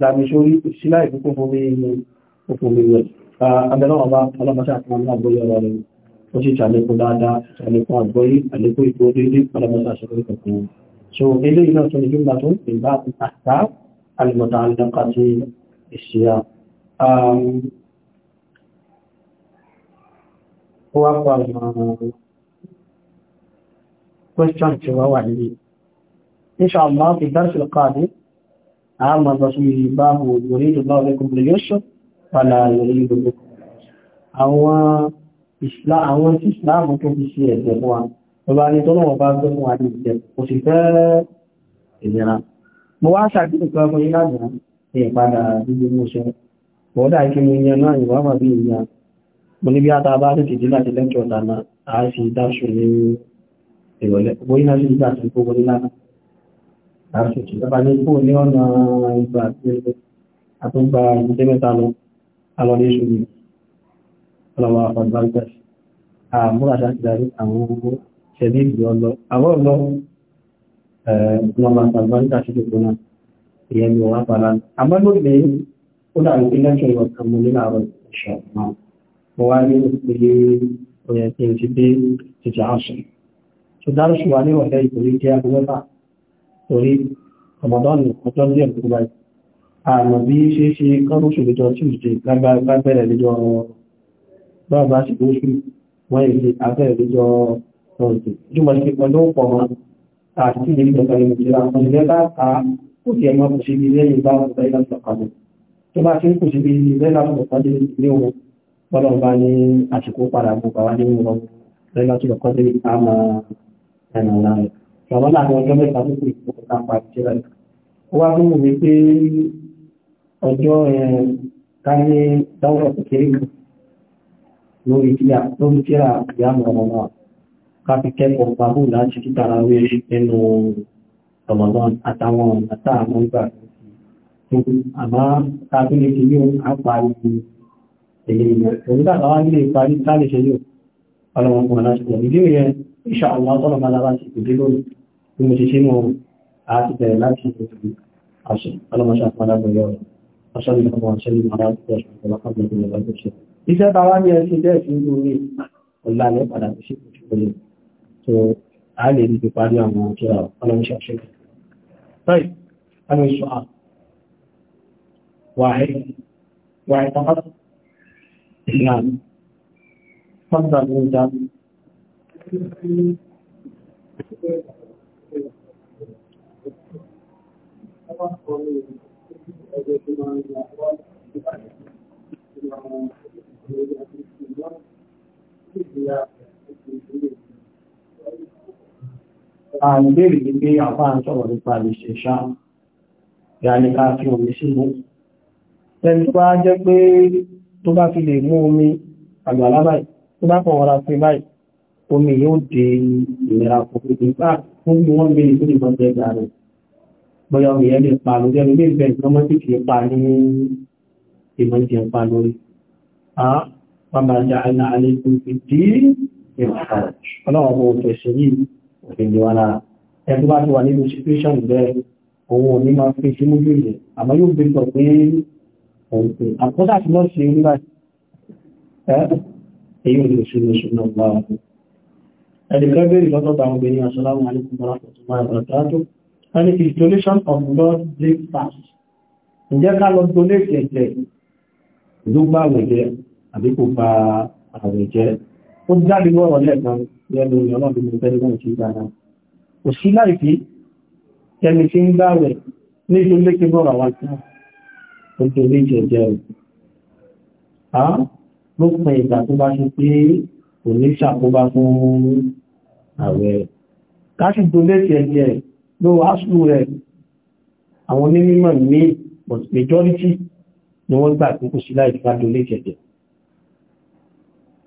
dàmì sórí kò sí láì fún fún mi òfin mi wẹ̀ abẹ́lọ́wọ́ bá ọlọ́mọṣẹ́ àti ọmọ àgbóyé ọ̀rọ̀ rẹ̀ ó sì ṣàlékún dáadáa المتعلقة بالصيام هو أفضل question وهو عندي إن شاء الله في الدرس القادم عام الرسول باب يريد الله لكم اليسر فلا يريد بكم àwọn islam àwọn tí ممكن يصير fi ṣe ẹ̀jẹ̀ fún wa ọba ní tọ́lọ́wọ́ bá mo wá ṣàkíyèsí kan fún yín lánàá ní ìpadà gbogbo mo ṣe bọ́dà kí mo yan náà ìwà bàbí ìyá mo ní bí ata bá tètè dé láti lẹ́kọ̀ọ́ dáná a sì dáṣù ní ìrọ̀lẹ́ bóyí náà sì gbà sí gbogbo ní lánàá láti ṣe bá ní kó ní ọ̀nà ìgbà àtúgbà ìgbẹ́ ọlọ́mọ àgbàríkà sí gbogbo náà ìyẹn ni wọ́n bára àmọ́ lóde ó dàbí pé lẹ́kẹ̀ ìwọ̀n kan mo ní láàárọ̀ ìṣọ̀ náà mo wá ní pé ó yẹ kí n ti dé títí àṣọ tó dárò sí wa ní ọ̀lẹ́ ìtòrí jẹ́ agbẹ́fà torí ọmọdọ́nù ọjọ́ díẹ̀ tó báyìí àmọ́ àti ìgbẹ̀ pẹ̀lú ìjìlá àwọn ilẹ̀ bá ta ó ti ẹmọ kò sí bí ilé ìbá ọ̀pọ̀ ilẹ̀ ìtọ̀kadì tó bá ti ń kò sí bí ilé ìlàtọ̀kadì ilé ohun gbọ́dọ̀ bá ní àsìkò padà gbogbo wa nínú lọ lẹ́lọ́tọ̀kadì àmà ẹ̀nà láàrẹ̀ ṣọ̀rọ̀ láàrin ọjọ́ mẹ́ta tó kù ìfowó ká pa ìjìlá ó wá fún mi pé ọjọ́ ká ní dáwọ́ kékeré kan lórí tíra ìyá ọmọ náà káfí kẹ́kọ̀ọ́ pàbù láti títàrà rí nínú Ramadan àtàwọn àtàwọn ìgbà àmá káfí ní kí ní àpàrí èyí ìyẹn òmìnà àwọn ilé ìparí tàbí ṣe yóò ọlọ́wọ́n mọ̀ láti pọ̀ nílé yẹn ìṣà àwọn ọlọ́mọ alára ti kò dé lónìí bí mo ti ṣe mọ̀ àti bẹ̀rẹ̀ láti àṣẹ ọlọ́mọṣà fún alábẹ̀rẹ̀ ọ̀rọ̀ ọ̀ṣọ́ ìlú ọmọ ọ̀ṣẹ́ ìlú ọmọ aláṣẹ́ ìṣẹ̀lẹ̀ ọ̀pọ̀lọpọ̀ ìṣẹ̀lẹ̀ iṣẹ́ bá wá ní ẹṣin bẹ́ẹ̀ sí so a lè rí píparí àwọn ọjọ́ ọlọ́mọṣẹ́ ṣẹ́gbẹ̀. tọ́ì ọmọ ìṣọ́ à wà ìtàkọ́ ìlànà fọ́nà ló ń já Yeah àìbèrè ní pé àpá àtọ́wọ̀ nípa lè ṣe ṣáà ìyàníká fi omi sígbó ẹni tó bá jẹ́ pé tó bá fi lè mú omi àgbàlá báyìí tó bá kọ̀ wọ́ra fi báyìí omi yóò dé ìlera kòkòrò nípa fún bí wọ́n bèèrè fún ìbọn jẹ́ ìgbà rẹ̀ bóyá omi yẹn yìí òfin ni wọn lára ẹni bá ti wà nínú situation bẹ́ẹ̀ òun ò ní máa fi sí mójú ilẹ̀ àmọ́ yóò gbé sọ pé òun pé àkóso àti lọ́ọ̀ sí orí báyìí èyí ò lè ṣe lóṣù náà bá wà fún ẹni kan bèèrè lọ́tọ̀ọ̀tọ̀ àwọn obìnrin assalamu alaikum warahmatullahi wabarakatuh ẹni is donation of blood blood fast ǹjẹ́ ká lọ donate ẹ̀jẹ̀ ló gbà àwẹ̀jẹ́ àbí kò bá ó jáde lọ́rọ̀ lẹ́ẹ̀kan lẹ́nu ìrọ̀lọ́dún ìtẹ́lẹ́gbọ̀n sí dáadáa kò sí láìpí tẹni tí ń dáwẹ̀ ní ìlú lékè bọ́rọ̀ wá tí ó tó lè jẹjẹ rẹ̀ a ló pẹ̀ ìgbà tó bá ṣe pé kò ní ṣàkóbá fún àwẹ̀ káṣì tó lè àwọn onímọ̀ ní majority ni wọ́n gbà pé kò sí láìpí ká tó lè jẹjẹ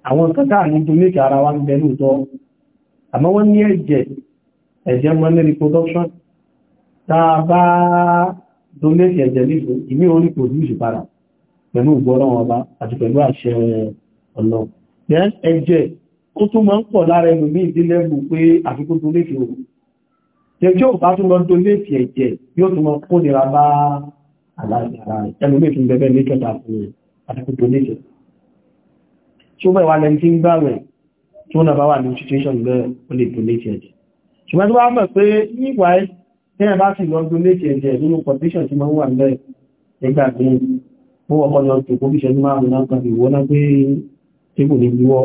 àwọn kàtà àníjò méjì ara wa ń bẹ lóòtọ́ àmọ́ wọ́n ní ẹ̀jẹ̀ ẹ̀jẹ̀ mọ́ ní reproduction táa bá donate ẹ̀jẹ̀ nífò ìmí orí produce para pẹ̀lú ìgbọ́rọ̀ wọn bá àti pẹ̀lú àṣẹ ọ̀nà ẹ̀jẹ̀ ó tún máa ń pọ̀ lára ẹnu ní ìdílé mú pé àfikún tí ó bẹ̀ wà lẹ́ni tí ń gbàwẹ̀ tí wọ́n nàbá wà ní situation gbẹ́ ó lè donate ẹ̀jẹ̀ ṣùgbọ́n tó wá mọ̀ pé nígbà tẹ́yà bá sì lọ donate ẹ̀jẹ̀ nínú condition tí máa ń wà ń bẹ́ẹ̀ nígbà tí ó wọ́pọ̀ lọ tó kó bíṣẹ́ ní márùn náà kan ìwọ́ náà pé tébù ní yíwọ́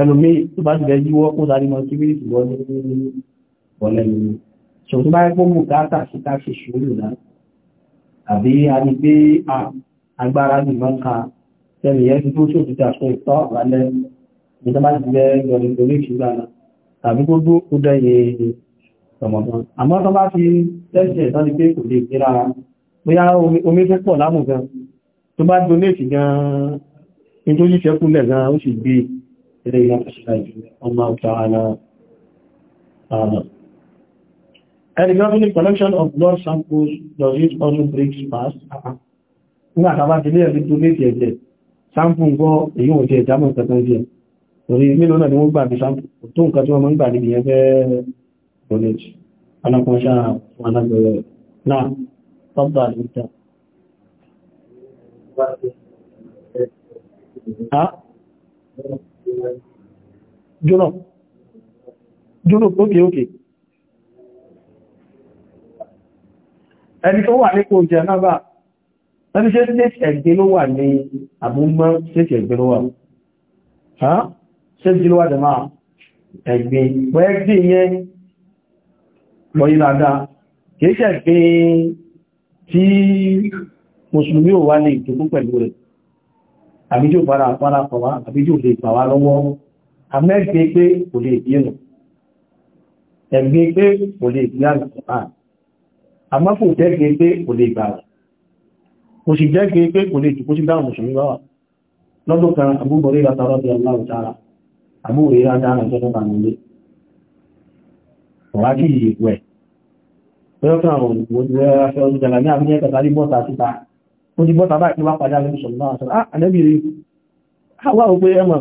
ẹnu mi tó bá sì fẹ́ yíwọ́ kó sáré mọ sí bíríkì wọ́n ní ká lẹ́nu yẹn tó tó ti tàṣọ ìtọ́ àlẹ́ ìjọba ti jẹ́ ìjọba ìgbòrí ìṣúgbà náà tàbí gbogbo ó dẹ́yẹ ọmọdún àmọ́ tó bá fi tẹ́sẹ̀ tán ni pé kò lè gbé lára bóyá omi tó pọ̀ lámù gan tó bá donate gan ní tó yíṣẹ́ kúnlẹ̀ gan ó sì gbé ilé iná ṣíṣà ìjú ọmọ ọ̀tá ara ẹni gan ní collection of blood samples does it also break fast nígbà tá bá ti lé ẹ̀rí donate ẹ̀jẹ̀ sáàmpù ń gọ́ èyí ò jẹ ìdámọ̀ kankan jẹ torí mílò náà ni wọ́n gbà bí sáàmpù tó nǹkan tí wọ́n máa ń gbà níbi yẹn fẹ́ college alákọ̀ọ́ṣà fún náà tọ́gbà níta ẹni tó wà nípò jẹ náà Ẹni ṣe state ẹgbẹ́ ló wà ní àbúmọ́ state ẹgbẹ́ ló wà. Ha? State ló wà dẹ̀ máa ẹgbẹ́. Wọ́n ẹgbẹ́ yẹn lọ yí dáadáa. Kìí ṣe ẹgbẹ́ tí Mùsùlùmí ò wá ní ìtòkú pẹ̀lú rẹ̀. Àbíjò para para pàwá, àbíjò lè pàwá lọ́wọ́. Àmẹ́gbẹ́ pé kò lè bí ẹ̀nà. Ẹgbẹ́ pé kò lè gbé àlàkọ̀ọ́. Àmọ́fò tẹ́gbẹ́ pé kò kò sì jẹ́ kí pé kò lè jùkú sí dáhùn mùsùlùmí bá wà lọ́dún kan àbúgbọ̀rí látara bí aláwọ̀ tara àbúrò ìrà dáhùn jẹ́ nípa nílé wà kí ìyèkú ẹ̀ pẹ́lú kan àwọn olùgbòjú ẹ̀rọ afẹ́ ọdún jẹ́lá ní àbúyẹ́ kẹta ní bọ́ta síta ó ti bọ́ta báyìí wá padà lẹ́nu sọ̀rọ̀ náà sọ̀rọ̀ ah, ànẹ́bì rí àwọ̀ ah, òpé ẹmọ̀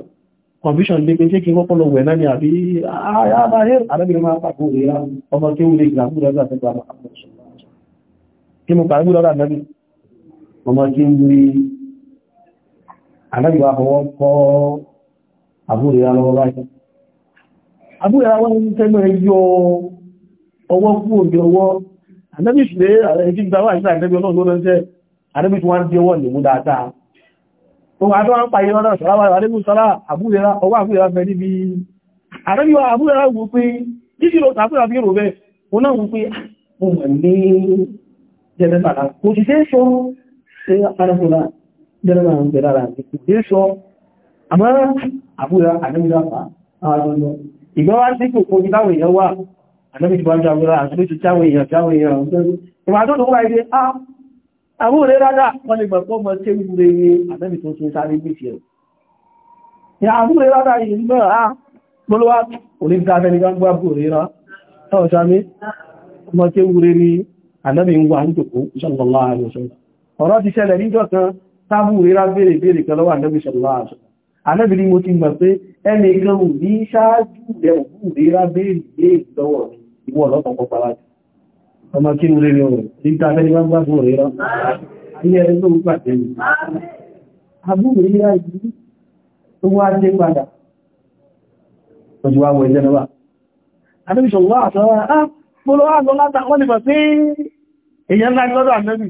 confusion lé pé kí wọ́n pọ̀lọ̀ wẹ̀ náà ni àbí àbáyé ah, máa pàkó ìrà ọmọ tí ń rí àdájọ́ àfọwọ́ kọ́ àbúrẹ́ra lọ́wọ́ báyìí àbúrẹ́ra wọ́n ń tẹ́lẹ̀ yọ ọwọ́ kú òjò ọwọ́ àdájọ́ ìṣẹ́ ẹ̀kí ìgbàwà ìṣẹ́ àdájọ́ náà ló rẹ́ṣẹ́ àdájọ́ tí wọ́n ń jẹ́wọ́ lè mú dáadáa ohun àdọ́ ń pàyẹ lọ́nà sọ́láwà àdájọ́ sọ́lá àbúrẹ́ra ọwọ́ àbúrẹ́ra fẹ́ níbi àdájọ́ àbúrẹ́ra wò pé títí lọ tàbúrà fi rò bẹ́ẹ̀ ó náà wò pé ah, mo mọ̀ ní jẹ́rẹ́ bàtà kò sì ṣe é ṣòro arẹ́fúnra jẹ́rẹ́rẹ́ àwọn jẹ́rẹ́rẹ́ àti ìdíṣọ́ àmọ́ àbúrà àdẹ́mìdáfà àwọn ọmọ ìgbọ́wá sí kò kò níláwọ̀ èèyàn wà àdẹ́mìdìbọn jáwọ́ àti lójú jáwọ́ èèyàn jáwọ́ èèyàn ìwà tó tó wáyé ah, àwọn òrẹ́ rádà wọ́n lè gbọ̀pọ̀ mọ́ tí ó rẹ̀ ní àbẹ́mì tó tún sáré ní ìfẹ́ ìyà àwọn òrẹ́ rádà yìí náà á gbọ́lọ́wà olífẹ́fẹ́ ní gbogbo àbú òrẹ́ rá tọ́ ọ̀sá mi mọ́ tí ó rẹ̀ ní àbẹ́mì ń wà ọ̀rọ̀ ti ṣẹlẹ̀ níjọ́ kan tábù rírá béèrè béèrè kan lọ́wọ́ ànábì sallallahu alaihi wasallam ànábì ni mo ti mọ̀ pé ẹnì kan ò ní ṣáájú rẹ̀ òkú rírá béèrè béèrè lọ́wọ́ mi ìwọ ọlọ́pàá pọ̀ pàwájú ọmọ kí n lè rí ọ̀rọ̀ níta abẹ́ni bá ń gbà fún òrírá ayé ẹni ló ń pàtẹ́ mi àbúrò rírá yìí tó wá dé padà ojú wa wọ ẹ̀jẹ̀ náà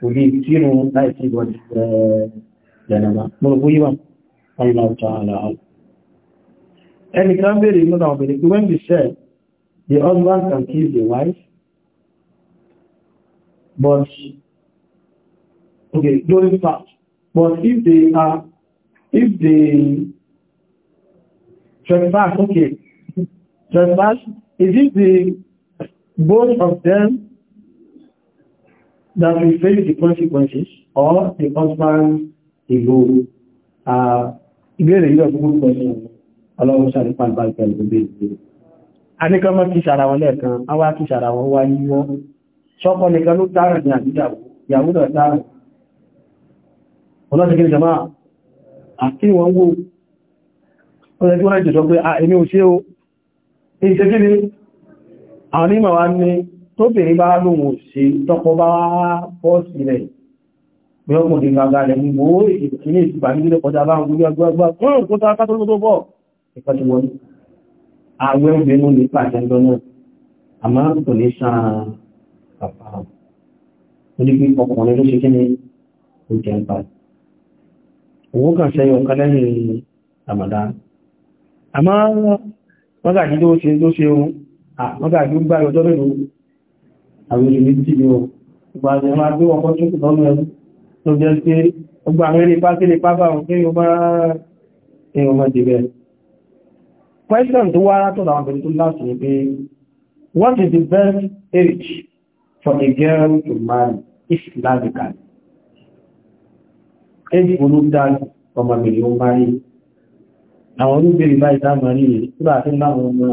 kò lè kírun láì sí ìwọ̀n ìjẹ̀nàmà mọ́rọ̀ bóyí wà ọ̀yìnlá ọ̀tà àlàáhù ẹni kan bèèrè nínú àwọn obìnrin pé when we say the husband can kill the wife but okay don't fast but if they are if they trespass okay trespass is it the both of them that will face the consequences or the consequence ìlú ìbéèrè ilé ọdún pẹ̀lú ọlọ́run sàrípa ìbáyìí pẹ̀lú ìbéèrè. a ní kan mọ́ kí sàrà wọn lẹ́ẹ̀kan a wá kí sàrà wọn wá yíwọ́ ṣọ́pọ̀ nìkan ló dára ní àdíjàwó ìyàwó lọ dára ọlọ́sẹ̀kẹ́ jama àti wọn wó ọlọ́sẹ̀ tí wọ́n jẹ́ sọ pé a èmi ò ṣe o tóbìnrin bá lóhun òṣè tọ́kọ bá pọ́ sílẹ̀ pé ọmọ òdí gbàgbà rẹ̀ gbogbo ìpínlẹ̀ ìsìnkà nílé kọjá bá ń gbogbo agbágbá fún òkúta akátọ́lọ́ tó bọ̀ ìpàtí wọn àwẹ́ obìnrin ní pàtẹ lọ́nà àmá kò ní sàn bàbá orí pé ọkùnrin ló ṣe kí ni ó jẹ ń pa owó kan ṣẹyọ kan lẹ́yìn àmàdá àmá wọ́n gàdí àwọn èèyàn méjì ni ó gbà jẹ to gbé wọn kọ́jú lọ́nà ẹ̀rú tó jẹ́ pé gbogbo àwọn eré pàtí lè pápá òun pé yóò máa èèyàn máa question tó wá látọ̀ àwọn pẹ̀lú tó what is the best age for a girl to marry islamically age wo ló dájú ọmọbìnrin ó máa rí àwọn olúbẹ̀rẹ̀ báyìí dámọ̀ rí rẹ̀ tó bá tí láwọn ọmọ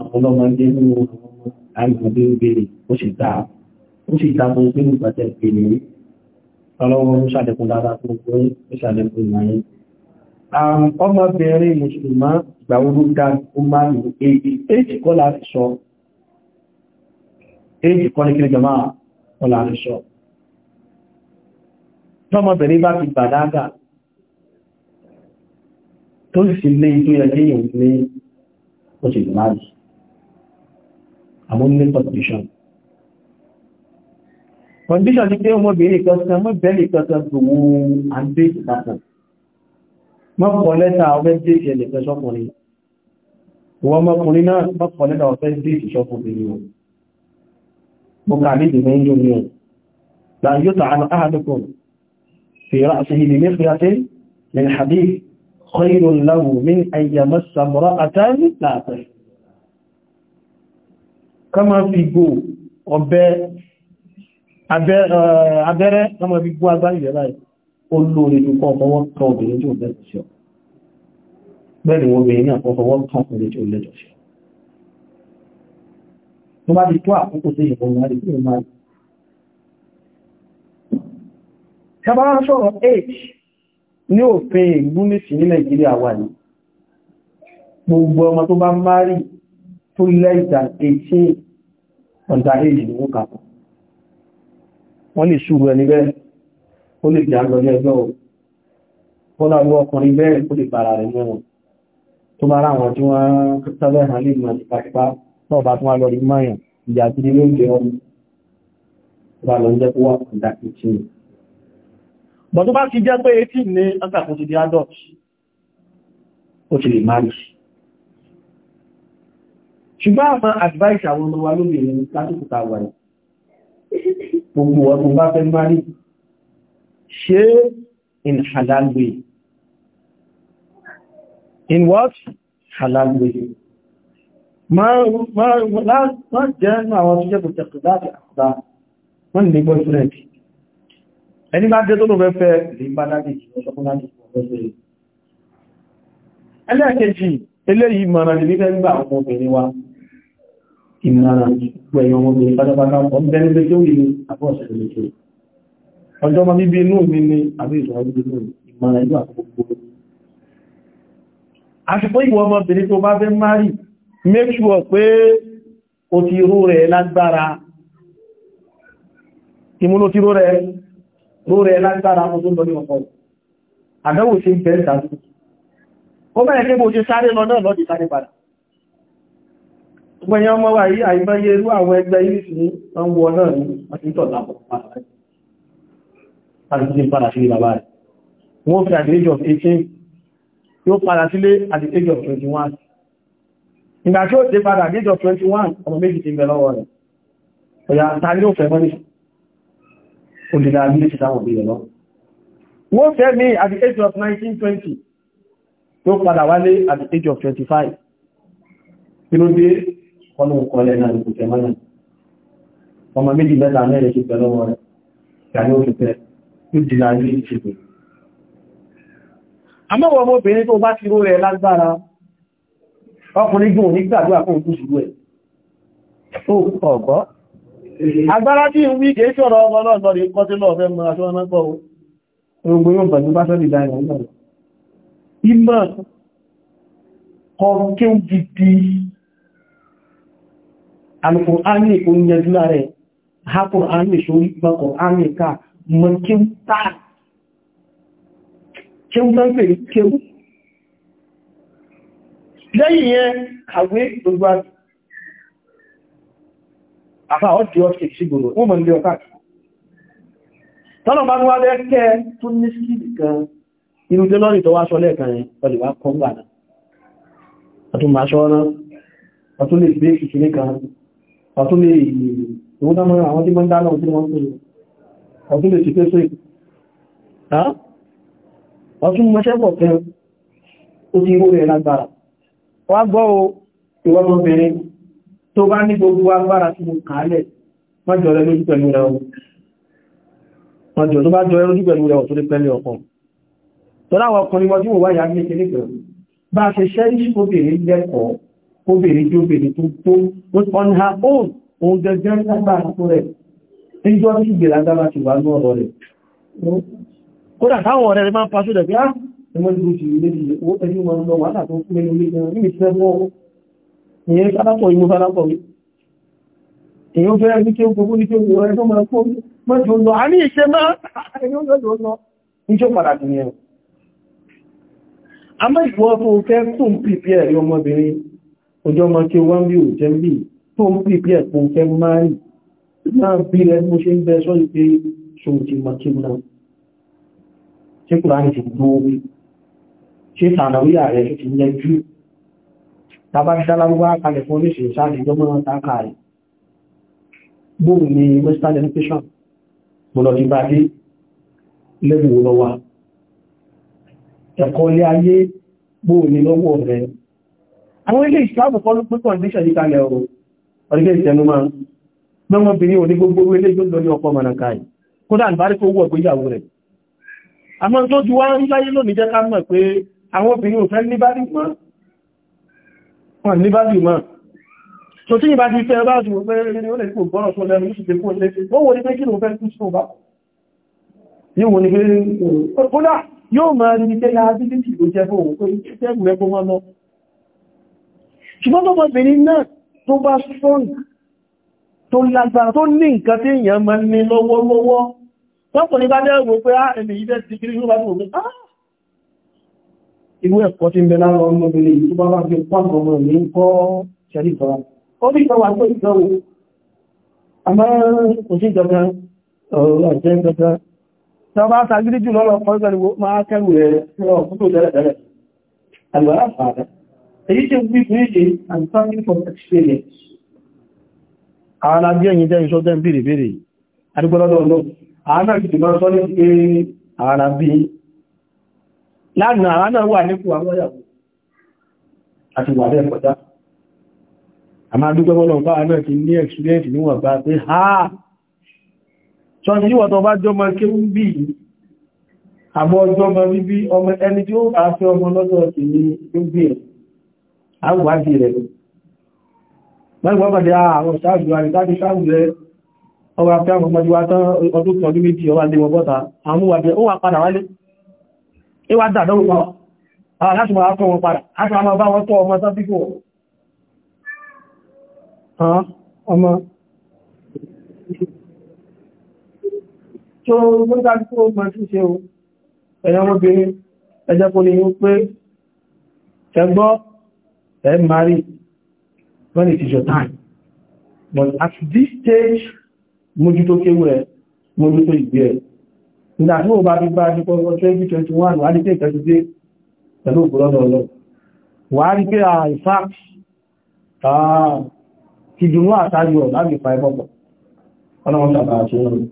àwọn ọmọdé nínú àwọn àìsàn bí ń béèrè ó sì dáa ó sì dáa tó ń gbé nígbà tẹ̀ pé ní ọlọ́wọ́ ń ṣàlékún dáadáa tó ń gbé ó ṣàlékún ìmáyé. ọmọbìnrin mùsùlùmá ìgbà wo ló dá ó máa lò èyí èjì kọ́ la fi sọ èjì kọ́ ní kí jọmọ́ kọ́ la fi sọ. tọ́mọbìnrin bá ti bàdágà tó sì lé tó yẹ kéèyàn lé ó àmọ́ ní condition condition ti pé ọmọbìnrin kọsán mọ́ bẹ́ẹ̀lì kọsán gbogbo àndéjì papọ̀ mọ́kọ̀ lẹ́ta ọfẹ́ déjì ẹ̀lẹ̀fẹ́ sọ́kùnrin wọ́n ọmọkùnrin náà mọ́kọ̀ lẹ́ta ọfẹ́ déjì sọ́kùnrin o mo kà ní ìdìmẹ́ ń lómi ọ̀ la yóò tà àwọn ahàdùkùn fi ra'sihi bi miqyatin min hadith khayrun lahu min an yamassa imra'atan la tashrik ká máa fi gbò ọ̀bẹ abẹ́rẹ́ ká máa fi gbó agbárí rẹ̀ láì ó lóore tó kọ́ ọ̀fọwọ́ kan obìnrin tí ó lẹ́tọ̀ sí ọ bẹ́ẹ̀ ni wọ́n bèèrè ní àkọ́fọwọ́ kan obìnrin tí ó lẹ́tọ̀ sí ọ tó bá ti tó àkókò sí ìbọn wọn àdìsí ìmọ̀ rẹ̀ tàbára sọ̀rọ̀ age ní òfin ìgbúnisì ní Nàìjíríà wà ní gbogbo ọmọ tó bá ń máa who less than 18 underage ni wọ́n kàpọ̀. Wọ́n lè ṣùgbọ́ ẹni bẹ́ẹ̀, ó lè jà lọ ní ẹgbẹ́ o. Bọ́lá ní ọkùnrin bẹ́ẹ̀ ó lè bàrà rẹ̀ mẹ́rin. Tó bá ra wọn tí wọ́n tẹ́lẹ̀ hàn lè mọ̀ nípasípa náà bá tún wá lọ rí máyàn ìjà tí ní lóúnjẹ ọmọ. bá lọ jẹ́ kó wà ọ̀dà 18 ṣùgbọ́n àwọn advice àwọn ọmọ wa lóbìnrin látòkúta wà ní gbogbo ọdún bá fẹ́ máa ṣe in halal way in what halal way Ma máa jẹ́ ẹnu àwọn tó jẹ́ kò tẹ̀kù láti àkùdá wọ́n ní boyfriend ẹni bá jẹ́ tó ló fẹ́fẹ́ ìbádájì ọ̀ṣọ́kúnlájì ọ̀fẹ́fẹ́ ẹlẹ́ẹ̀kejì eléyìí mọ̀ràn ìbífẹ́ nígbà ọmọ obìnrin wa ìmọ̀ràn gbẹ̀yàn ọmọbìnrin pátápátá ọ̀bẹ̀ni pé kí ó rí àpọ̀ọ̀sẹ̀ lè ṣe ọjọ́ ọmọ bíbí inú mi ní àbí ìṣòro bíbí inú ìmọ̀ràn ìlú àkókò àṣìkò ìwọ ọmọbìnrin tó bá fẹ́ márì make sure pé o ti rú rẹ̀ lágbára ìmúlò ti rú rẹ̀ rú rẹ̀ lágbára ọmọ tó lọ ní ọkọ̀ àdáwò ṣe ń bẹ̀ẹ́ sáré ó bẹ̀rẹ̀ pé bó ṣe sáré lọ náà lọ́dì gbẹ̀yàn ọmọ wà yí àìbáyé irú àwọn ẹgbẹ́ ìrìsì ní ọwọ́ náà ní ọ̀tíntọ̀ lápọ̀ padà sí bàbá rẹ̀ wọ́n fi at the age of 18 yóò padà sílé at the age of 21 ìgbà tí ó dé padà at the age of 21 ọmọ méjì ti bẹ̀rẹ̀ ọwọ́ rẹ̀ ọ̀yà tàbí ó fẹ́ mọ́ ní òdìdà abúlé ti táwọn òbí rẹ̀ lọ wọ́n fẹ́ ní at the age of 1920 yóò padà wálé at the age of 25 kí ló dé kọ́nù kọlẹ̀ náà lè kòkè mọ́nà ọmọ méjì mẹ́ta mẹ́rin ṣe pẹ̀lú wọn ìyàní oṣù pẹ̀ tó jìnà ní ìṣẹ̀pẹ̀ àmọ́wọ̀ ọmọbìnrin tó bá ti ró rẹ̀ lágbára ọkùnrin gùn ní gbàdúrà fún ìkúṣùgbò ẹ̀ tó ọ̀gọ́ agbára tí ń wí kèé ṣọ́rọ̀ ọmọ náà lọ́rẹ̀ kọ́ sí lọ́ọ̀fẹ́ mọ́ aṣọ́ ọmọ pọ̀ ogun alkùnránì oúnjẹ́dúlá rẹ̀ ha kùnránì sórí gbọ́n kùnránì ká mọ́ kí ń táà kí ń tán pè kéwú lẹ́yìn yẹn kàwé gbogbo àfà ọ́dí ọ́sẹ̀ sígbòrò wọ́n mọ̀ ní ọkà tọ́nà bá ń wá lẹ́kẹ́ tó ní skìdì kan inú tẹ́lọ́rì tó wá sọ lẹ́ẹ̀kan rẹ̀ ọlùwá kọ́ngbà náà ọdún máa sọ́ọ́rán ọdún lè gbé ọ̀tún lè ìwọ́nàmọ́ àwọn tí wọ́n dáná ojú wọn pẹ̀lú ọ̀tún lè ti pé sí ọ̀tún mọ́ṣẹ́pọ̀ tẹ́ ó ti rú rẹ̀ lágbára wá gbọ́ o ìwọ́nàmọ́bìnrin tó bá ní gbogbo agbára tí mo kàálẹ̀ wọ́n lójú pẹ̀lú rẹ̀ ọ̀tún pẹ̀lú rẹ̀ ọ̀tún lè pẹ̀lú ọ̀pọ̀ wọ́n tí ní kìnnìkan bá ṣe ṣẹ́rí obìnrin tí obìnrin tó tó on her own ohun gẹ́gẹ́ lágbàá tó rẹ̀ níjọ́ tí ìgbèlágbà bá ti wà ní ọ̀rọ̀ rẹ̀ kódà táwọn ọ̀rẹ́ rẹ̀ máa ń dẹ̀ pé á ẹmọ́ ìlú ti ilé ti owó ẹni ma lọ wà látọ̀ fún ẹni olé gan ní ìfẹ́ a ní ìṣẹ́ máa ẹni ó lọ́jọ́ lọ ní tí ó padà jù yẹn àmọ́ ìwọ́ tó fẹ́ tó ń pìpì ẹ̀rí ọmọbìnrin ọjọ́ ma kí wọ́n bí òjẹ́ bí tó ń pè pé ẹ̀pọ̀ fẹ́ márì náà bí rẹ̀ mú ṣe ń bẹ́ sọ ìpé ṣòun ti ma kí náà ṣe kùrá ní ti gbóòrí ṣe tànàwí ààrẹ ṣe ti ń lẹ́jú tàbá ti dálágbá kalẹ̀ fún oníṣẹ́ sáàdì ìjọba àwọn ilé ìṣàbù fọ́nú pé kọ̀ndíṣẹ̀ ní kalẹ̀ ọ̀rọ̀ ọ̀rẹ́gẹ́ ìtẹnu máa mẹ́wọ́n bí ní òní gbogbo ilé yóò lọ ní ọkọ̀ manakai kódà àbárí kó wọ́ ìgbéyàwó rẹ̀ àmọ́ tó ju wá ń láyé lónìí jẹ́ ká mọ̀ pé àwọn obìnrin ò fẹ́ níbálì mọ́ tó tí ìbá ti fẹ́ bá jù pé ní ó lè kò gbọ́rọ̀ tó lẹ́nu ìṣẹ́ kó lé ó wò ní pé kí ló fẹ́ kú sí ọba yóò wò ní pé kódà yóò máa rí ní pé ya bí ṣùgbọ́n lọ́mọbìnrin náà tó bá strong tó lágbára tó ní nǹkan tí èèyàn máa ń ní lọ́wọ́lọ́wọ́ tọ́pùn ní bá dẹ́rù pé á ah, ẹ̀mì ìdẹ́ ti kiri ní wájú òun ah ìwé ẹ̀kọ́ ti ń bẹ lára ọmọbìnrin tó bá wá gbé pàpọ̀ ọmọ mi ń kọ́ ṣẹ̀rí ìfọ́ra ó Religion with religion and something from experience. Àwọn abí ẹ̀yìn jẹ́ ìṣọ́ jẹ́ bèèrè bèèrè àdúgbọ́lọ́dọ̀ ọlọ́. Àwọn náà ti máa sọ ní pé àwọn abí. Láàrín àwọn náà wà nípò àwọn ìyàwó àti wà rẹ̀ kọjá. A máa dúgbọ́lọ́ bá náà ti ní experience níwọ̀n bá pé ha! Sọ ni ìwọ̀n tó bá jọ máa kéwú bí àbọ̀ ọjọ́ máa bíbí ọmọ ẹni tí ó bá fẹ́ ọmọ lọ́dọ̀ ọ̀sẹ̀ ní gbé ẹ̀ àwùwádìí rẹ̀ mẹ́gbọ́gbọ́dẹ̀ ah, àwọn ṣáàjú àrídájú ṣáàjú rẹ̀ ọwà pẹ́ àwọn ọmọdé wa tán ọdún kan ọdún méjì ọwà lè wọ́n bọ́ta àwọn wàdẹ̀ ó wà padà wálé ìwà dàdọ́rù pa àwọn láti máa fọ́ wọn padà láti máa bá wọn tọ́ ọmọ tán fífò ọmọ tó gbọ́gbọ́gbọ́ tó mọ̀ sí ṣe ẹ̀yàn ọmọbìnrin ẹjẹ́ kò ní then marry when it is your time. But at this stage, mójútó kéwú ẹ̀, mójútó ìgbé ẹ̀. Nígbà tí ó bá bí bá ní pọ́pọ́ 2021, wà ní pé ìtẹ́jú dé pẹ̀lú ògbòrọ́dọ̀ lọ. Wà ní pé à ìfà ti dùnú àtàrí ọ̀ láti fa ẹgbọ́pọ̀. Ọlọ́run sàbà àti ọ̀rọ̀.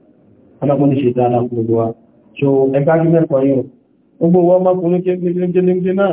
Ọlọ́run ní ṣe dáadáa fún gbogbo wa. So ẹgbájú mẹ́kọ̀ọ́ yìí. Gbogbo wọ́n mọ́kùnrin kéńgbé náà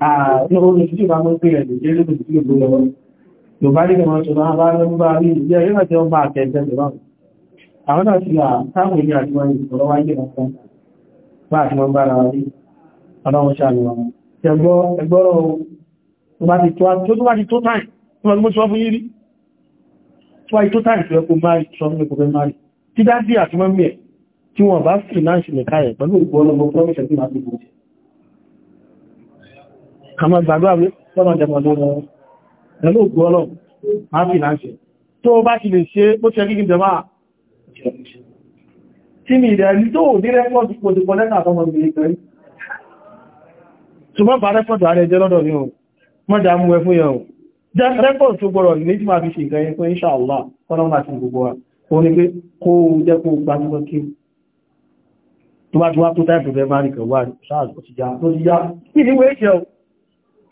àwọn náà ti àtàwọn ilé àti wọn ìṣòro wáyé ọ̀pọ̀ bá àti wọn bára rí ọlọ́run ṣàlùwà tí ẹgbọ́rọ̀ tó bá ti tó táì tí wọ́n mú sọ fún yírí tó bá ti tó táì tí wọ́n kó márì sọ fún ẹkùnkùn márì tí dá bí àti mọ́ mẹ́ tí wọ́n bá fi náà ṣe kàmọ́ gbàdúrà wí lọ́nà jẹmọ̀ lórí wọn pẹ̀lú ògbó ọlọ́run máa fi láńṣẹ́ tó bá ti lè ṣe ó ṣe gígí jẹmọ́ tí mi ìdẹ̀rí tó ní rẹ́pọ̀tù kò ti pọ̀ lẹ́nà àtọmọ ìgbèrè pẹ̀lú ṣùgbọ́n bá rẹ́pọ̀tù ààrẹ jẹ́ lọ́dọ̀ ní o mọ́jà mú ẹ fún yẹn jẹ́ rẹ́pọ̀tù tó gbọ́rọ̀ ní tí máa fi ṣe nǹkan yẹn fún inṣàlá kọ́nà máa ti gbogbo wa ó ní pé kó jẹ́ tó bá ti wá tó táìpù rẹ̀ máa kẹwàá ṣáà tó tó ti já kí ni wé ṣe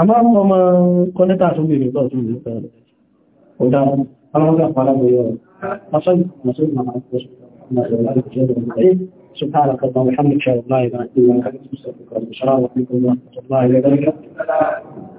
àmọ́ àwọn ọmọ kọ́lẹ́tà tó bèèrè lọ sí ìlú pẹ̀lú ọ̀dá aláwọ́dá paráboyọ̀ سبحانك اللهم وبحمدك لا اله الا انت استغفرك واتوب اليك